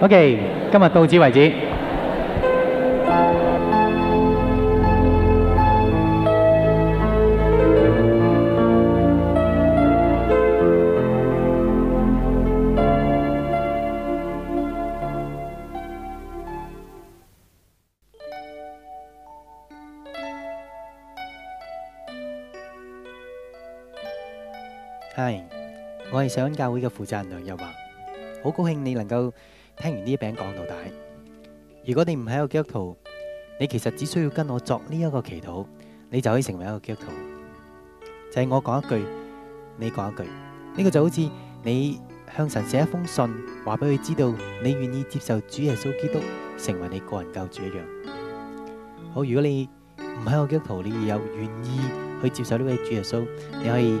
Speaker 1: OK，今日到此為止。係，我係上恩教會嘅負責人梁又華，好高興你能夠聽完呢一餅講到底。如果你唔係一個基督徒，你其實只需要跟我作呢一個祈禱，你就可以成為一個基督徒。就係我講一句，你講一句，呢個就好似你向神寫一封信，話俾佢知道你願意接受主耶穌基督成為你個人救主一樣。好，如果你唔係一個基督徒，你又願意去接受呢位主耶穌，你可以。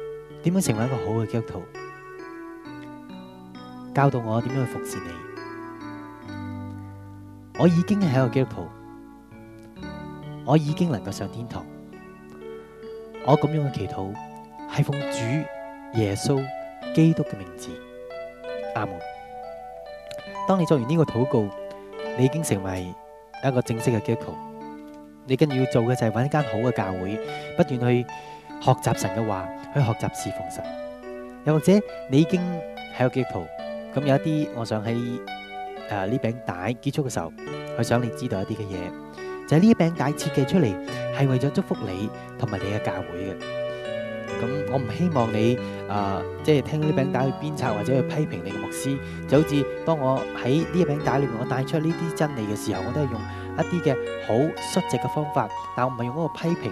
Speaker 1: 點樣成為一個好嘅基督徒？教導我點樣去服侍你？我已經係一個基督徒，我已經能夠上天堂。我咁樣嘅祈禱係奉主耶穌基督嘅名字，阿門。當你做完呢個禱告，你已經成為一個正式嘅基督徒。你跟住要做嘅就係揾一間好嘅教會，不斷去學習神嘅話。去學習侍奉神，又或者你已經喺個基督徒，咁有一啲，我想喺誒呢餅帶結束嘅時候，去想你知道一啲嘅嘢，就係呢餅帶設計出嚟係為咗祝福你同埋你嘅教會嘅。咁我唔希望你誒即係聽呢餅帶去鞭策或者去批評你嘅牧師，就好似當我喺呢餅帶裏面我帶出呢啲真理嘅時候，我都係用一啲嘅好率直嘅方法，但我唔係用嗰個批評。